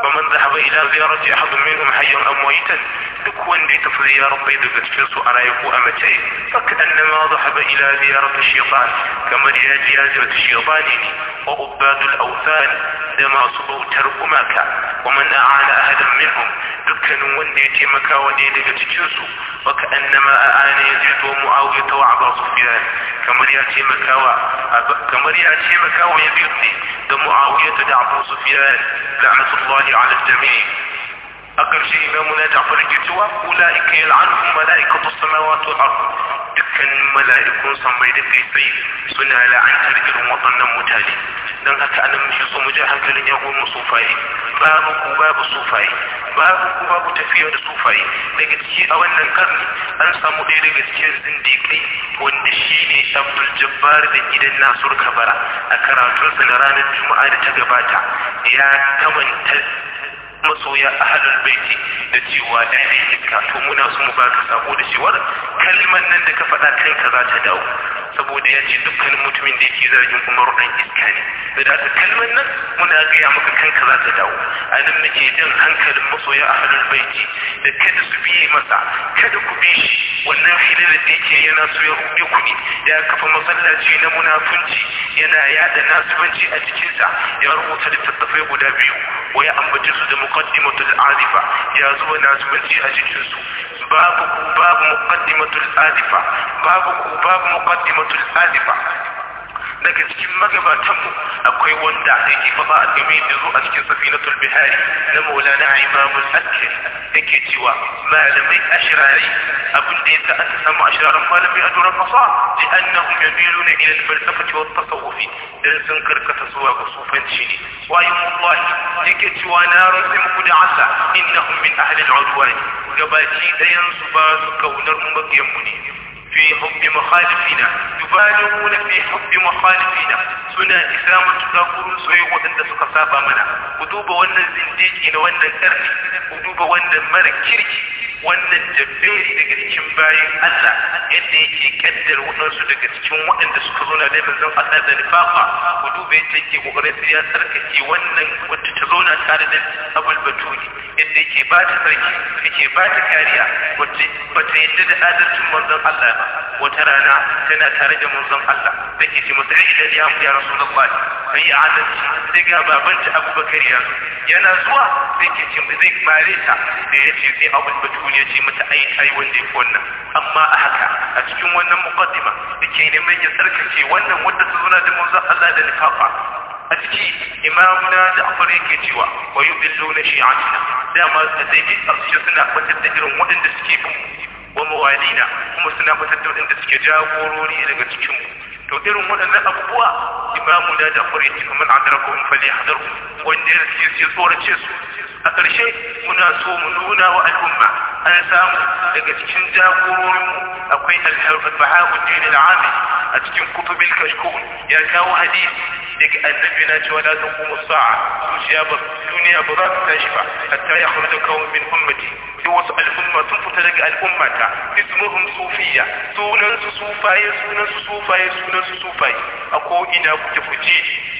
ومن ذهب إلى زيارة أحد منهم حيا أم ميتا تكون ديت زيارة بيد الفلس على يقوى متين فكأنما ذهب إلى زيارة الشيطان كما جاء جازرة الشيطان وأباد الأوثان لما صبوا ترك ماكا ومن أعان أحدا منهم دكن ونديت مكا ونديت الفلس وكأنما أعان يزيد ومعاوية وعبا صفيان كما جاء مكا الشيطان ومعاوية دعب سفيان لعنة الله على الجميع أكرشي إمامنا جعفر الجتوى أولئك يلعنهم ملائكة السماوات والأرض Dukkan mala'ikun sammai da sai suna la'antar irin waɗannan mutane don haka anan muke so mu ji hankalin yan uwan sufaye babu ku babu sufaye babu ku babu tafiya da sufaye daga ciki a wannan karni an samu ɗaya daga cikin zindiƙai wanda shi ne abdul jabbar da gidan nasur kabara a karatunsa na ranar juma'a da ta gabata ya kamanta masoya ahalul baiti da cewa ɗaya to muna so mu baka sako da cewar kalmar nan da ka faɗa kanka za ta dawo saboda ya ce dukkanin mutumin da yake zargin umar dan iska ne da ta kalmar nan muna gaya maka kanka za ta dawo a nan nake jan hankalin masoya a halin baiti da kada su biye masa kada ku bi shi wannan hilar da yake yana so ya rufe ku ne ya kafa masallaci na munafunci yana yada nasibanci a cikinsa ya rubuta littattafai guda biyu waya ya su da muqaddimatul azifa ya zuwa nasibanci a cikinsu babu ku babu muqaddimatul azifa babu ku babu muqaddimatul azifa daga cikin magabatanmu akwai wanda yake faɗa a game da zo a cikin safinatul bihari na maulana imamul akil yake cewa malamai ashirari abin da yasa aka samu ashirarin malamai a duran fasa li annahum yabiluna ila al-falsafati wa at-tasawuf dan sun karkata zuwa ga sufanci ne wayu wallahi na rantsa muku da Allah innahum gabaci ɗayan ba su kaunar mu makiyan mu ne fi hubbi mukhalifina yubaluna fi hubbi mukhalifina suna isa mutuka gurin soyayya waɗanda suka saba mana ku duba wannan zindiki na wannan ƙarni ku duba wannan mara kirki wannan jabberi daga cikin bayan Allah yadda yake kaddar waɗansu daga cikin waɗanda suka zo na daifin zan Allah da nifafa ku dube yadda yake kokarin sai ya tsarkake wannan wadda ta zo na tare da abul batuli yadda yake ba ta sarki yake ba ta kariya wadda ba ta yadda da adalcin manzon Allah ba wata rana tana tare da manzon Allah ke ce masa idan ya ya rasulullahi kai adalci sai ga babanta abubakar yanzu yana zuwa sai ke ce zai mare ta da ya ce sai abul batuli ya ce mata ai ai wanda yake wannan amma a haka a cikin wannan muqaddima dake neman ya tsarkake wannan wanda su zuna da manzo Allah da nifafa a ciki imamuna Ja'far yake cewa wa yubilluna shi'atina dama sai bi su suna fitar da irin waɗanda suke bin wa muwalina kuma suna fitar da waɗanda suke jagorori daga cikin to irin waɗannan abubuwa imamu da Ja'far yake kuma an daraka um fali hadar wanda yake sai tsorace su a ƙarshe muna so mu nuna wa al'umma an samu daga cikin jagororinmu akwai al-bahabuddin al-ami a cikin kutubin kashkun ya kawo hadisi daga annabi na cewa la kuma sa'a zuciya ba duniya ba za ta tashi ba hatta ya khurja qawm min ummati sai wasu al'umma sun fita daga al'ummata ismuhum Sufiya sunan su sufaye sunan su sufaye sunan su sufaye a ko ina kuke fuje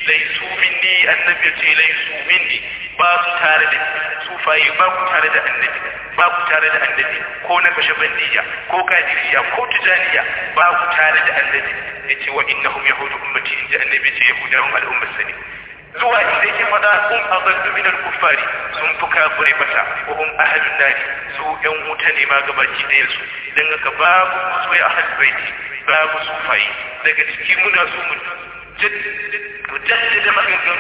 laisu minni annabi ce laisu minni ba su tare da sufaye ba ku tare da annabi ba ku tare da annabi ko na kashe bandiya ko kadiriya ko tijaniya ba ku tare da annabi yace wa innahum yahudu ummati inda annabi ce yahudawan al'ummar sani zuwa inda yake fada kun azallu min al-kuffari sun fi kafire bata wa hum ahlun nari su yan wuta ne ma gabaki ɗayan su dan haka babu su ya ahlul baiti babu sufaye daga ciki muna so mu جد جد وجسد جد يقدر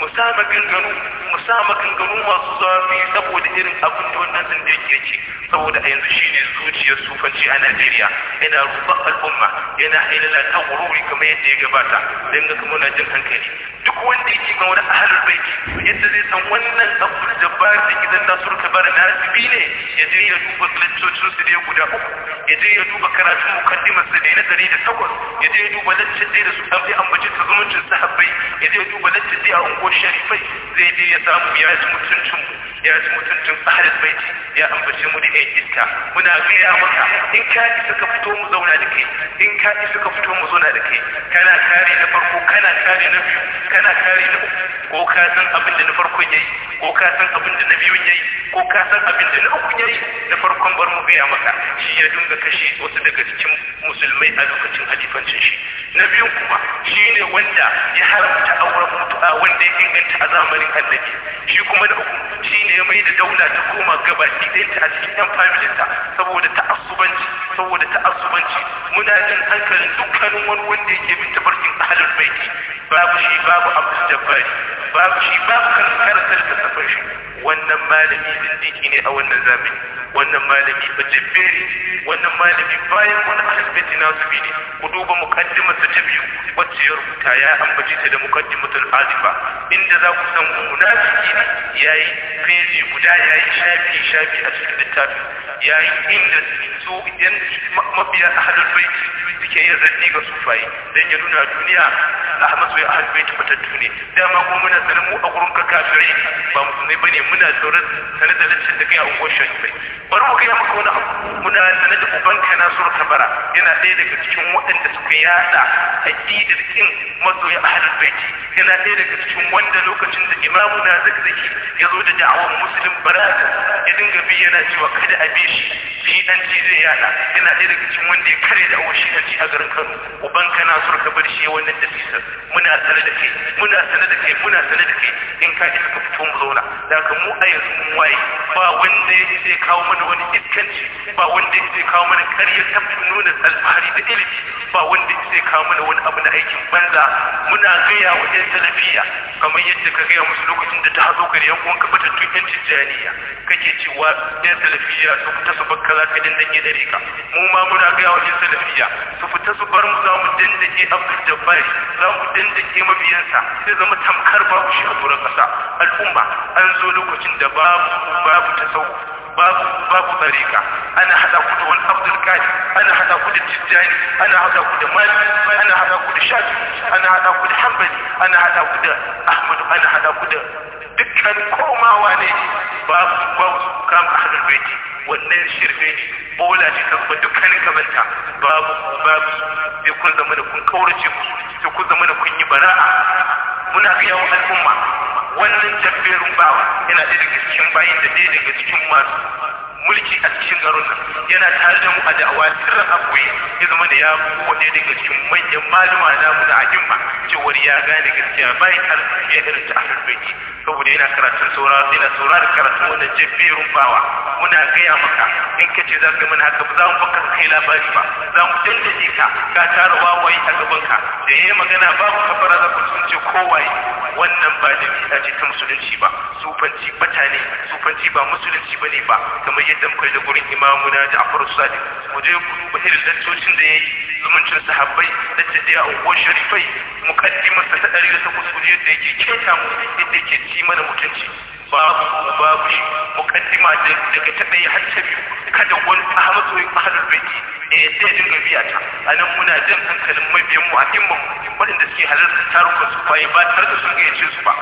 mu sa maganganu mu masu zafi saboda irin abin da wannan din yake ce saboda a yanzu shine zuciyar sufanci a Najeriya yana rubar al'umma yana hailala ta gururi kamar yadda ya gabata don ga kuma na jin hankali duk wanda yake ga wani ahlul baiti yadda zai san wannan abdul jabbar da gidan nasur kabar nasibi ne ya je ya duba lectocin su da guda uku ya je ya duba karatun mukaddimar su da na da takwas ya je ya duba lectocin da su ambaci bi ambacin zumuncin sahabbai ya je ya duba lectocin a unguwa unguwar sharifai zai je ya samu ya ci mutuncin ya ci mutuncin ahalin baiti ya ambace mu da yan iska muna gaya maka in ka isa suka fito mu zauna da kai in ka isa suka fito mu zauna da kai kana kare na farko kana kare na biyu kana kare na uku ko ka san abin da na farko yi, ko ka san abin da na biyu ya yi, ko ka san abin da na uku ya yi? na farkon bar mu gaya maka shi ya dinga kashe wasu daga cikin musulmai a lokacin halifancin shi na biyun kuma shi ne wanda ya haramta auren mutu'a wanda ya inganta a zamanin shi kuma da uku shi ne ya mai da daula ta koma gaba ɗayanta a cikin yan familinta saboda ta'assubanci saboda ta'assubanci muna jin hankalin dukkanin wani wanda yake bin tabarkin ahal babu shi babu abdul jabbari babu shi babu kan karatar da safar shi wannan malami zindiki ne a wannan zamani wannan malami bajabberi wannan malami bayan wani ahalbeti na zubi ne ku duba mukaddimarsa ta biyu wacce ya rubuta ya ambaci ta da mukaddimatul azifa inda za ku san munafiki ne yayi feji guda yayi shafi shafi a cikin littafin yayi inda su yan mabiya ahalul baiti suke yin raddi ga sufaye dan ya nuna duniya ahmad sai ahad bai tabbatattu ne dama kuma muna sanin mu a gurin ka kafirai ba musulmai bane muna tsoron sanar da lantin da kai a unguwar shafi bari mu kai maka wani abu muna sanar da uban kana sur tabara yana ɗaya daga cikin waɗanda suka yada aqidar kin masoya ahlul bait yana ɗaya daga cikin wanda lokacin da imamu na zakzaki ya zo da da'awar musulun barat ya dinga yana cewa kada a bi shi shi dan ci zai yada yana ɗaya daga cikin wanda ya kare da awar shi a garin Kano uban kana sur ka bar shi wannan da fisar muna sanar da ke, muna sanar da ke, muna sanar da ke, in ka ji ka fito mu zauna da ka mu a yanzu mun waye ba wanda ya ce kawo mana wani iskanci ba wanda ya ce kawo mana ƙarya ta nuna alfahari da ilimi ba wanda ya ce kawo mana wani abu na aikin banza muna gaya wa ɗan talafiya kamar yadda ka gaya musu lokacin da ta hazo gari yan uwan kafa tattun ƴan tijjaniya kake cewa ƴan talafiya su fita su bakka za ka ke dare ka mu ma muna gaya wa ƴan talafiya su fita su bar mu za mu abin da jabbari za mu din da ke mabiyansa sai zama tamkar babu shi a doron kasa al'umma an zo lokacin da babu babu ta sau babu babu tsarika ana hada ku da wani abdul kadi ana hada ku da tijjani ana hada ku da mali ana hada ku da shafi ana hada ku da hanbali ana hada ku da ahmadu ana hada ku da dukkan komawa ne babu babu kam ahlul baiti wannan shirme ne bola ce kan dukkanin kabanta babu babu sai kun zama da kun kaurace musu suke ku zama da kun yi bara'a muna ga yawon al'umma wannan tabbirin bawa yana ɗaya daga cikin bayin da ɗaya daga cikin masu mulki a cikin garin nan yana tare da mu a da'awa sirrin akwai ya zama da ya ɗaya daga cikin manyan maluma mu da ahimma cewar ya gane gaskiya bayan arziki ya irin ta ahlul baiti saboda yana karatun saura yana saura da karatu wanda jabbe bawa muna gaya maka in ka ce za ka mana haka za mu baka kai labari ba za mu dandaje ka ka tara wawaye a gaban ka da yayi magana babu kafara za ku ko kowaye wannan ba da bid'a ce ta musulunci ba sufanci bata ne sufanci ba musulunci bane ba kamar yadda muka yi da gurin imamuna da afar sadiq mu je ku bahir da da yayi zumuncin sahabbai da tafiya unguwar sharifai mukaddimarsa ta ɗari da takwas kujiyar da yake keta mu yadda yake ci mana mutunci babu babu shi mukaddima daga ta ɗaya har ta biyu kada wani ahmadu wai ahalul baiti da ya eh, sai dinga biya ta a nan muna jan hankalin mabiyan mu a himman waɗanda suke halarta tarukan su ba ba tare da sun gayyace su ba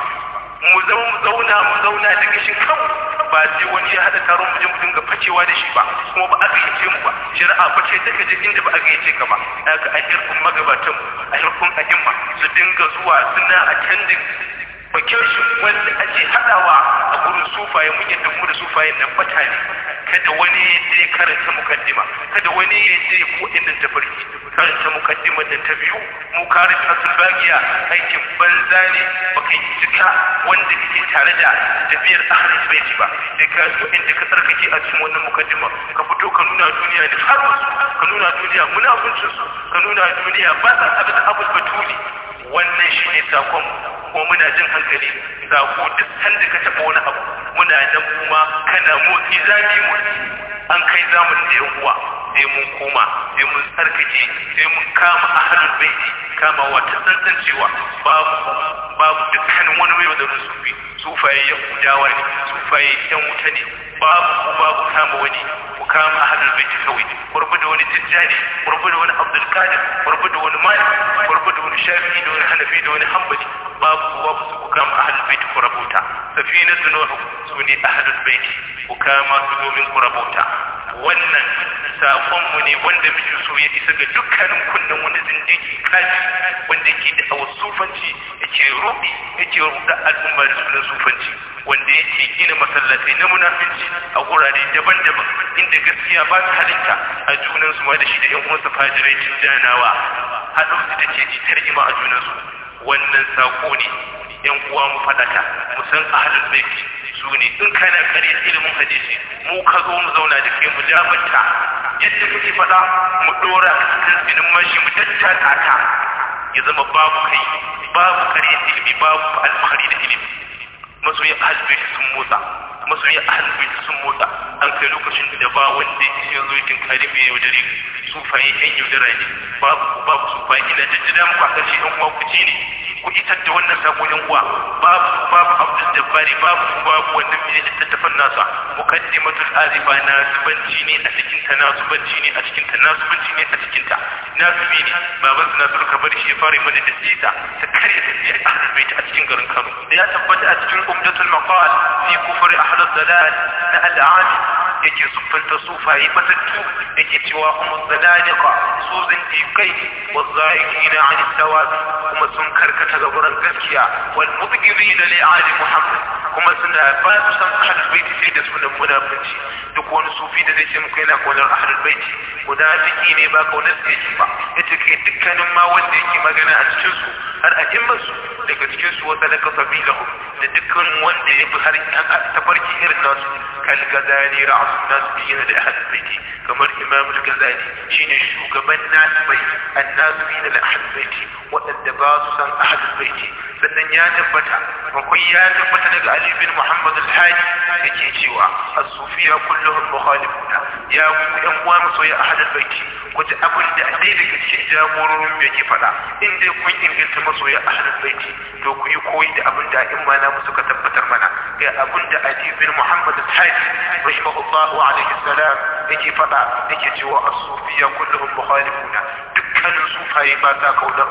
mu zauna mu zauna da gashin kanmu ba je wani ya hada taron mu mu dinga facewa da shi ba kuma ba a gayyace mu ba shari'a ba ce take je inda ba a gayyace ka ba daga a magabatan a hirkun ahimma su dinga zuwa suna a attending bakin su wanda ake haɗawa a gurin sufaye mun yadda mu da sufaye nan bata ne kada wani ya ya karanta mukaddima kada wani yadda ya buɗe nan da barki karanta mukaddima da ta biyu mu karin bagiya aikin banza ne baka cika wanda kake tare da tafiyar ahlul baiti ba da ka so inda ka tsarkake a cikin wannan mukaddima ka fito ka nuna duniya da har ka nuna duniya munafuncin su ka nuna duniya ba sa abin abul batuli wannan ne sakon kuma muna jin hankali ga ku duk sanda ka taɓa wani abu muna nan kuma kana motsi zafi motsi an kai zamun da yan uwa sai mun koma sai mun tsarkake sai mun kama ahalul baiti kama wata tsantsan cewa babu babu dukkanin wani mai da sufi sufaye yahudawa ne sufaye yan wuta ne babu ku babu kama wani ku kama ahalul baiti kawai kurbu da wani tijjani kurbu da wani abdul qadir kurbu da wani malik kurbu da wani shafi da wani hanafi da wani hanbali babu babu su kukam ahal baiti ku rabota safinatu nuh su ne ahal baiti ku kama su domin ku rabota wannan sakonmu ne wanda muke so ya isa ga dukkanin kunnen wani zindigi kaji wanda yake da awa sufanci yake rubi yake rubuta al'umma da sunan sufanci wanda yake gina masallatai na munafinci a gurare daban-daban inda gaskiya ba ta halitta a junansu ma da shi da yan uwansa fajirai janawa haɗu su da ke jitar ima a junansu wannan sako ne yan uwa mu fadaka mu san ahlul bait su ne in kana kare ilimin hadisi mu ka zo mu zauna da kai mu jabanta yadda kuke fada mu dora cikin sinin mashi mu tattata ya zama babu kai babu kare ilimi babu alfahari da ilimi masoyin ahalbait sun mota masoyin ahalbait sun motsa an kai lokacin da ba wanda ya ce zo yakin kare mai yaudare sufaye yan yaudara ne babu babu sufaye ina da jidan kwakashe yan uwa kuce ne ku itar da wannan sako uwa babu babu abdul jabbari babu babu wannan mai littattafan nasa muqaddimatul azifa na zubanci ne a cikin ta na zubanci ne a cikin ta na zubanci ne a cikin ta na zubi ne baban su na surka bari shi fara mana da jita ta kare ta ji a rubuta a cikin garin Kano da ya tabbata a cikin umdatul maqal fi kufri ahlus dalal na al'ami yake siffanta sufaye batattu yake cewa kuma zanadiqa su zindikai wa za'ikina an tawazi kuma sun karkata ga wurin gaskiya wal mubghidina li ali muhammad kuma suna ba su san ahlul baiti sai da sunan munafici duk wani sufi da zai ce muka yana kaunar ahlul baiti munafiki ne ba kaunar sai ba yace kai dukkanin ma wanda yake magana a cikin su har a immansu wasu daga cikin su wata daga sabilahu da dukkan wanda ya fi har tafarki irin nasu kal gazali ra'asu nasu biyina da ahad baiti kamar imam al-gazali shine shugaban nasu bai annasu biyina da ahad baiti waɗanda ba su san ahad baiti sannan ya tabbata akwai ya tabbata daga ali bin muhammad al-hadi yake cewa as-sufiya kulluhum mukhalifuna ya ku yan uwa masoya ahad baiti ku ji abin da ɗaya daga cikin jagororin ke faɗa in dai kun inganta masoya ahad baiti to ku yi koyi da abin da in malamu suka tabbatar mana ga abin da Ali bin Muhammad al-Hadi rahimahullahu alaihi salam yake fada yake cewa as-sufiyya kulluhum mukhalifuna dukkanin sufaye ba ta kaunar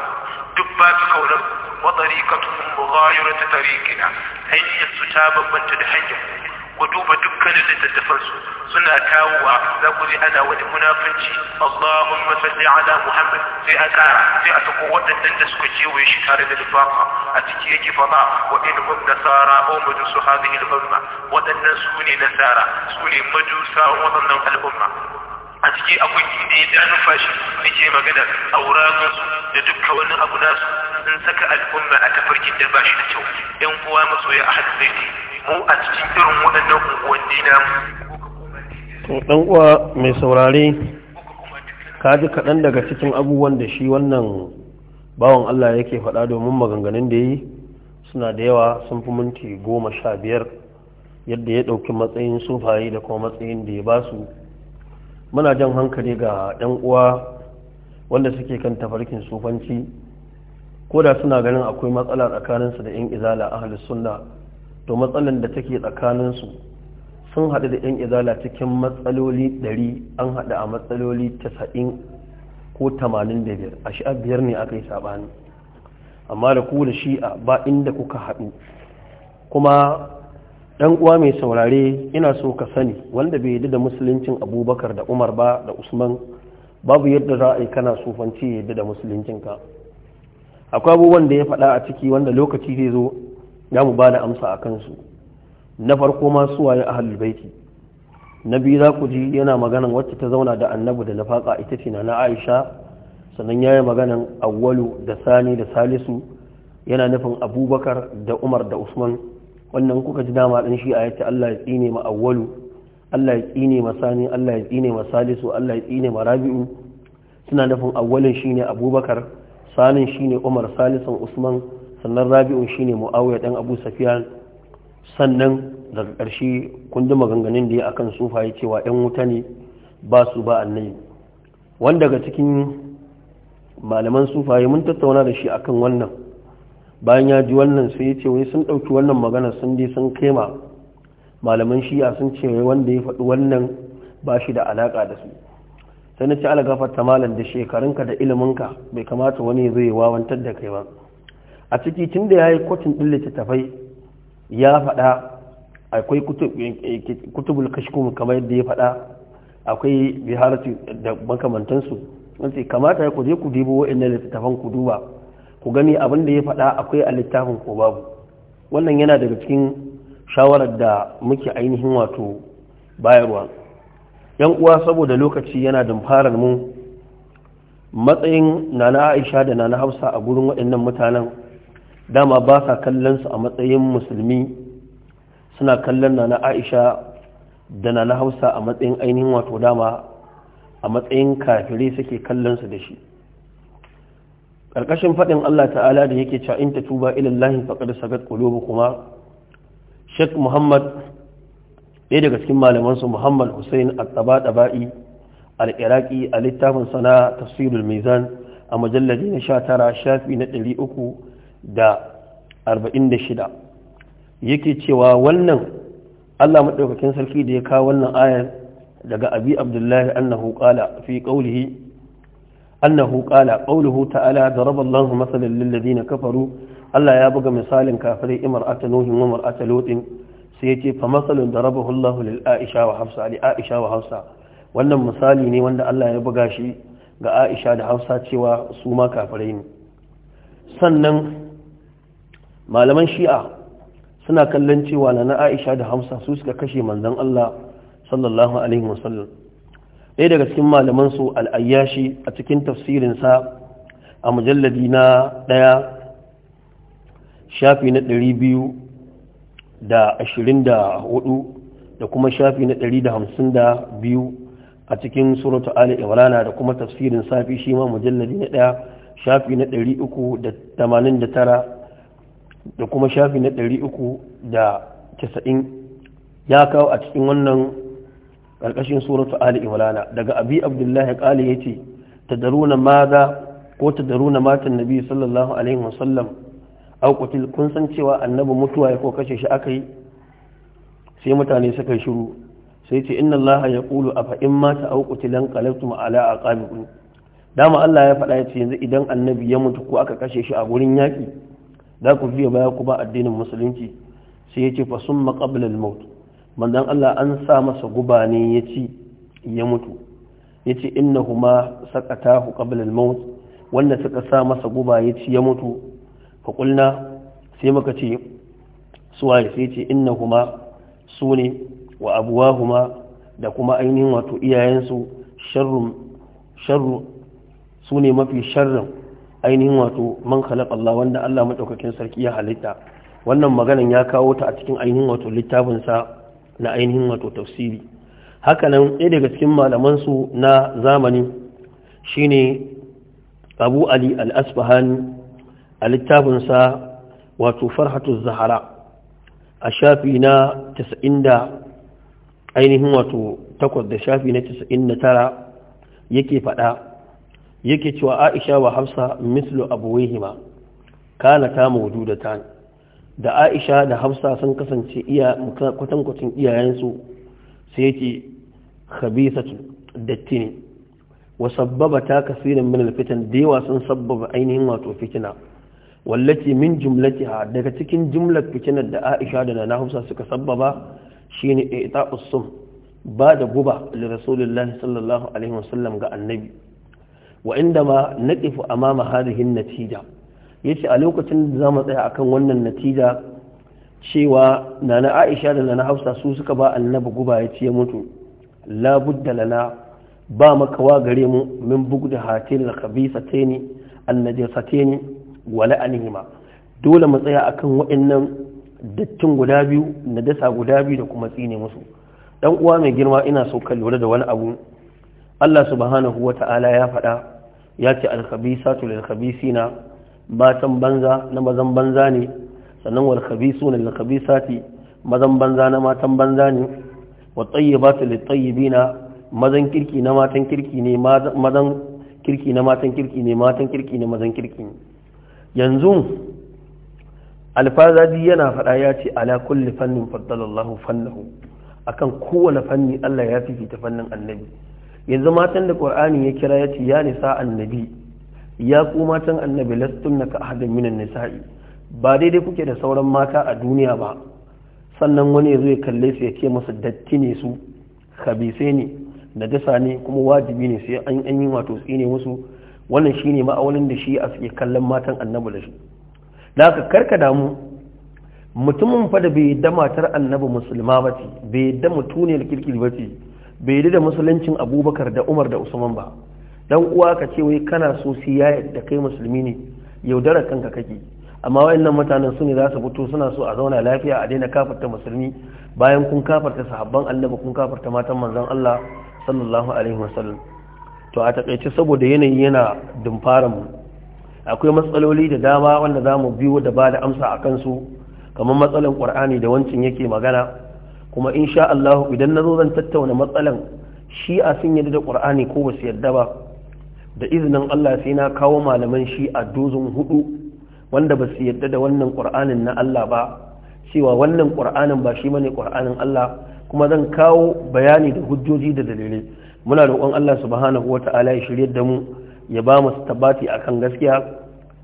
duk ba ta kaunar wa tariqatuhum mughayiratu tariqina hanyar su ta bambanta da hanyar ku duba dukkanin littattafansu suna kawo a za ku ji ana wani munafunci Allahumma salli ala Muhammad sai a kara sai a sako waɗannan da suka kewaye shi tare da lifafa a ciki yake fama wa in hum nasara aw majusu hadhihi al-umma waɗannan su ne nasara su ne majusa waɗannan al'umma a ciki akwai inda ya danufa shi nake magana auratun da dukkan wani abu nasu an saka al'umma a tafarkin da ba shi da kyau yan uwa masoya a hadisi mu a cikin irin waɗannan unguwanni na to dan uwa mai saurare ka ji kaɗan daga cikin abubuwan da shi wannan bawan Allah yake faɗa domin maganganun da yi suna da yawa sun fi minti goma sha biyar yadda ya ɗauki matsayin sufaye da kuma matsayin da ya ba su muna jan hankali ga ɗan uwa wanda suke kan tafarkin sufanci ko da suna ganin akwai matsala tsakaninsu da 'yan izala ahalus sunna to matsalan da take tsakaninsu sun haɗu da 'yan izala cikin matsaloli 100 an haɗu a matsaloli 90 ko 85 a shi'a biyar ne aka yi saɓani amma da ku da shi'a ba inda kuka haɗu kuma ɗan uwa mai saurare ina so ka sani wanda bai yadda da musuluncin abubakar da umar ba da usman babu yadda za a yi kana sufanci yadda da musuluncinka akwai abubuwan da ya faɗa a ciki wanda lokaci zai zo ya mu ba da amsa a kansu na farko ma waye a baiti na biyu za ku ji yana maganan wacce ta zauna da annabu da nafaka ita ce na aisha sannan ya yi maganan awwalu da sani da salisu yana nufin abubakar da umar da usman wannan kuka ji dama ɗin shi a yace allah ya tsine ma awwalu allah ya tsine ma sani allah ya tsine ma salisu allah ya tsine ma rabi'u suna nufin awwalin shine abubakar sanin shine umar salisan usman sannan rabi'un shine muawiya dan abu safiya sannan daga ƙarshe kundi maganganun da ya akan sufa ya cewa yan wuta ne ba su ba annabi wanda daga cikin malaman sufaye mun tattauna da shi akan wannan bayan ya ji wannan sai ya ce wai sun ɗauki wannan magana sun je sun kaima malaman shi'a sun ce wanda ya faɗi wannan ba shi da alaƙa da su sai na ci ala malam da shekarunka da iliminka bai kamata wani zai wawantar da kai ba a ciki tun da ya yi kotun ɗin littattafai ya faɗa akwai kutubul kashkum kamar yadda ya faɗa akwai biharatu da makamantansu wanda kamata ya ku je ku dubo wa'annan littattafan ku duba ku gani abin da ya faɗa akwai a littafin ko babu wannan yana daga cikin shawarar da muke ainihin wato bayarwa yan uwa saboda lokaci yana da farar mu matsayin nana aisha da na hausa a gurin waɗannan mutanen dama ba sa kallon su a matsayin musulmi suna kallon nana aisha da na hausa a matsayin ainihin wato dama a matsayin kafirai suke kallon su da shi ƙarƙashin faɗin Allah ta'ala da yake cewa in ta tuba ilallahi sagar sagat kuma Sheikh Muhammad ɗaya daga cikin malamansu muhammad hussein al-tabatabai al-iraqi a littafin sana tafsirul mizan a majalladi na sha tara shafi na ɗari uku da arba'in da shida yake cewa wannan allah maɗaukakin sarki da ya kawo wannan ayar daga abi abdullahi annahu qala fi qawlihi annahu qala qawluhu ta'ala daraba allahu masalan lil ladina kafaru allah ya buga misalin kafirai imra'atu nuhin wa imra'atu lutin sai ya ce fa masalun da rabu hullahu lil Aisha wa Hafsa ali Aisha wa Hafsa wannan misali ne wanda Allah ya buga shi ga Aisha da Hafsa cewa su ma kafirai ne sannan malaman Shi'a suna kallon cewa na Aisha da Hafsa su suka kashe manzon Allah sallallahu alaihi wasallam ɗaya daga cikin malaman su al a cikin tafsirin sa a mujalladi na ɗaya shafi na ɗari biyu da ashirin da hudu da kuma shafi na ɗari da hamsin da biyu a cikin suratu ali imrana da kuma tafsirin safi shi ma mujalladi na ɗaya shafi na ɗari uku da tamanin da tara da kuma shafi na ɗari uku da casa'in ya kawo a cikin wannan ƙarƙashin suratu ali imrana daga abi abdullahi ƙali ya ce ta tadaruna maza ko ta daruna matan nabi sallallahu alaihi wasallam aw qutil kun san cewa annabi mutuwa ya ko kashe shi aka yi sai mutane suka shiru sai ce inna allaha yaqulu afa in mata aw qutilan qalabtum ala aqabikum dama Allah ya faɗa ya yanzu idan annabi ya mutu ko aka kashe shi a gurin yaki za ku fiye baya ku ba addinin musulunci sai ya ce fa summa qabla al-maut manzon Allah an sa masa guba ne ya ci ya mutu ya innahuma saqatahu qabla al-maut wanda suka sa masa guba ya ci ya mutu faƙulna sai muka ce suwaye sai ce inna kuma su ne wa abuwa kuma da kuma ainihin wato iyayensu sharru su ne mafi sharrin ainihin wato man khalaqa Allah wanda Allah madaukakin sarki ya halitta wannan maganan ya kawo ta a cikin ainihin wato littafin sa na ainihin wato tafsiri hakanan nan ɗaya daga cikin malaman su na zamani shine Abu Ali Al-Asfahani a littafinsa wato farhatu zahara a shafi na 90 da ainihin wato takwas da shafi na 99 yake faɗa yake cewa aisha wa hafsa mislu abuwaihima kana ta mawududatan da aisha da hafsa sun kasance iya kwatankwacin iyayensu sai yake khabisatu datti ne wa sababa ta kasirin min fitan da yawa sun sababa ainihin wato fitina wallace min ha daga cikin jumlar fitinar da Aisha da Nana Hausa suka shi ne shine ta usun ba da guba da Rasulullah sallallahu alaihi wasallam ga annabi wa inda ma a amama harihin natija yace a lokacin da za zamu tsaya kan wannan natija cewa na na Aisha da Nana Hausa su suka ba annabi guba ya ce mutu labudda da lana ba makawa gare mu min bugda hatil wala anihima dole mu tsaya akan waɗannan dattin guda biyu na dasa guda biyu da kuma tsine musu dan uwa mai girma ina so ka lura da wani abu Allah subhanahu wata'ala ya faɗa ya ce alkhabisatu lil khabisina matan banza na mazan banza ne sannan wal khabisuna lil khabisati mazan banza na matan banza ne wa tayyibatu lit tayyibina mazan kirki na matan kirki ne mazan kirki na matan kirki ne matan kirki ne mazan kirki ne yanzu alfazaji yana faɗa ya ce ala kulli fannin faddalallahu fannahu akan kowane fanni Allah ya ta fannin annabi yanzu matan da qur'ani ya kira ya ce ya nisa annabi ya ku matan annabi lastunna ka ahadin minan nisa'i ba daidai kuke da sauran mata a duniya ba sannan wani ya zo ya kalle su ya ce masa datti ne su kabise ne najasa ne kuma wajibi ne sai an yi wato tsine musu wannan shine ma'aunin da shi a suke kallon matan annabi da shi da aka karka damu mutumin fa da bai yadda matar annabi musulma ba ce bai yadda mutuniyar kirkiri ba ce bai yadda da musuluncin abubakar da umar da usman ba dan uwa ka ce wai kana so sai ya kai musulmi ne yaudara kanka kake amma wayannan mutanen su ne za su fito suna so a zauna lafiya a daina kafarta musulmi bayan kun kafarta sahabban annabi kun kafarta matan manzon Allah sallallahu alaihi wasallam to a takaice saboda yanayi yana dumfara mu akwai matsaloli da dama wanda za mu biyo da ba da amsa a kansu kamar matsalan ƙwar'ani da wancin yake magana kuma insha Allah idan na zo zan tattauna matsalan shi'a sun yadda da ƙwar'ani ko ba su yadda ba da izinin Allah sai na kawo malaman shi'a dozin hudu wanda ba su yadda da wannan ƙwar'anin na Allah ba cewa wannan ƙwar'anin ba shi bane ƙwar'anin Allah kuma zan kawo bayani da hujjoji da dalilai muna roƙon Allah subhanahu ta'ala ya shirye da mu ya ba mu tabbati akan gaskiya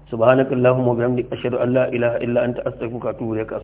subhanakallahumma wa bihamdika ashhadu an la ilaha illa anta astaghfiruka wa atubu ilaik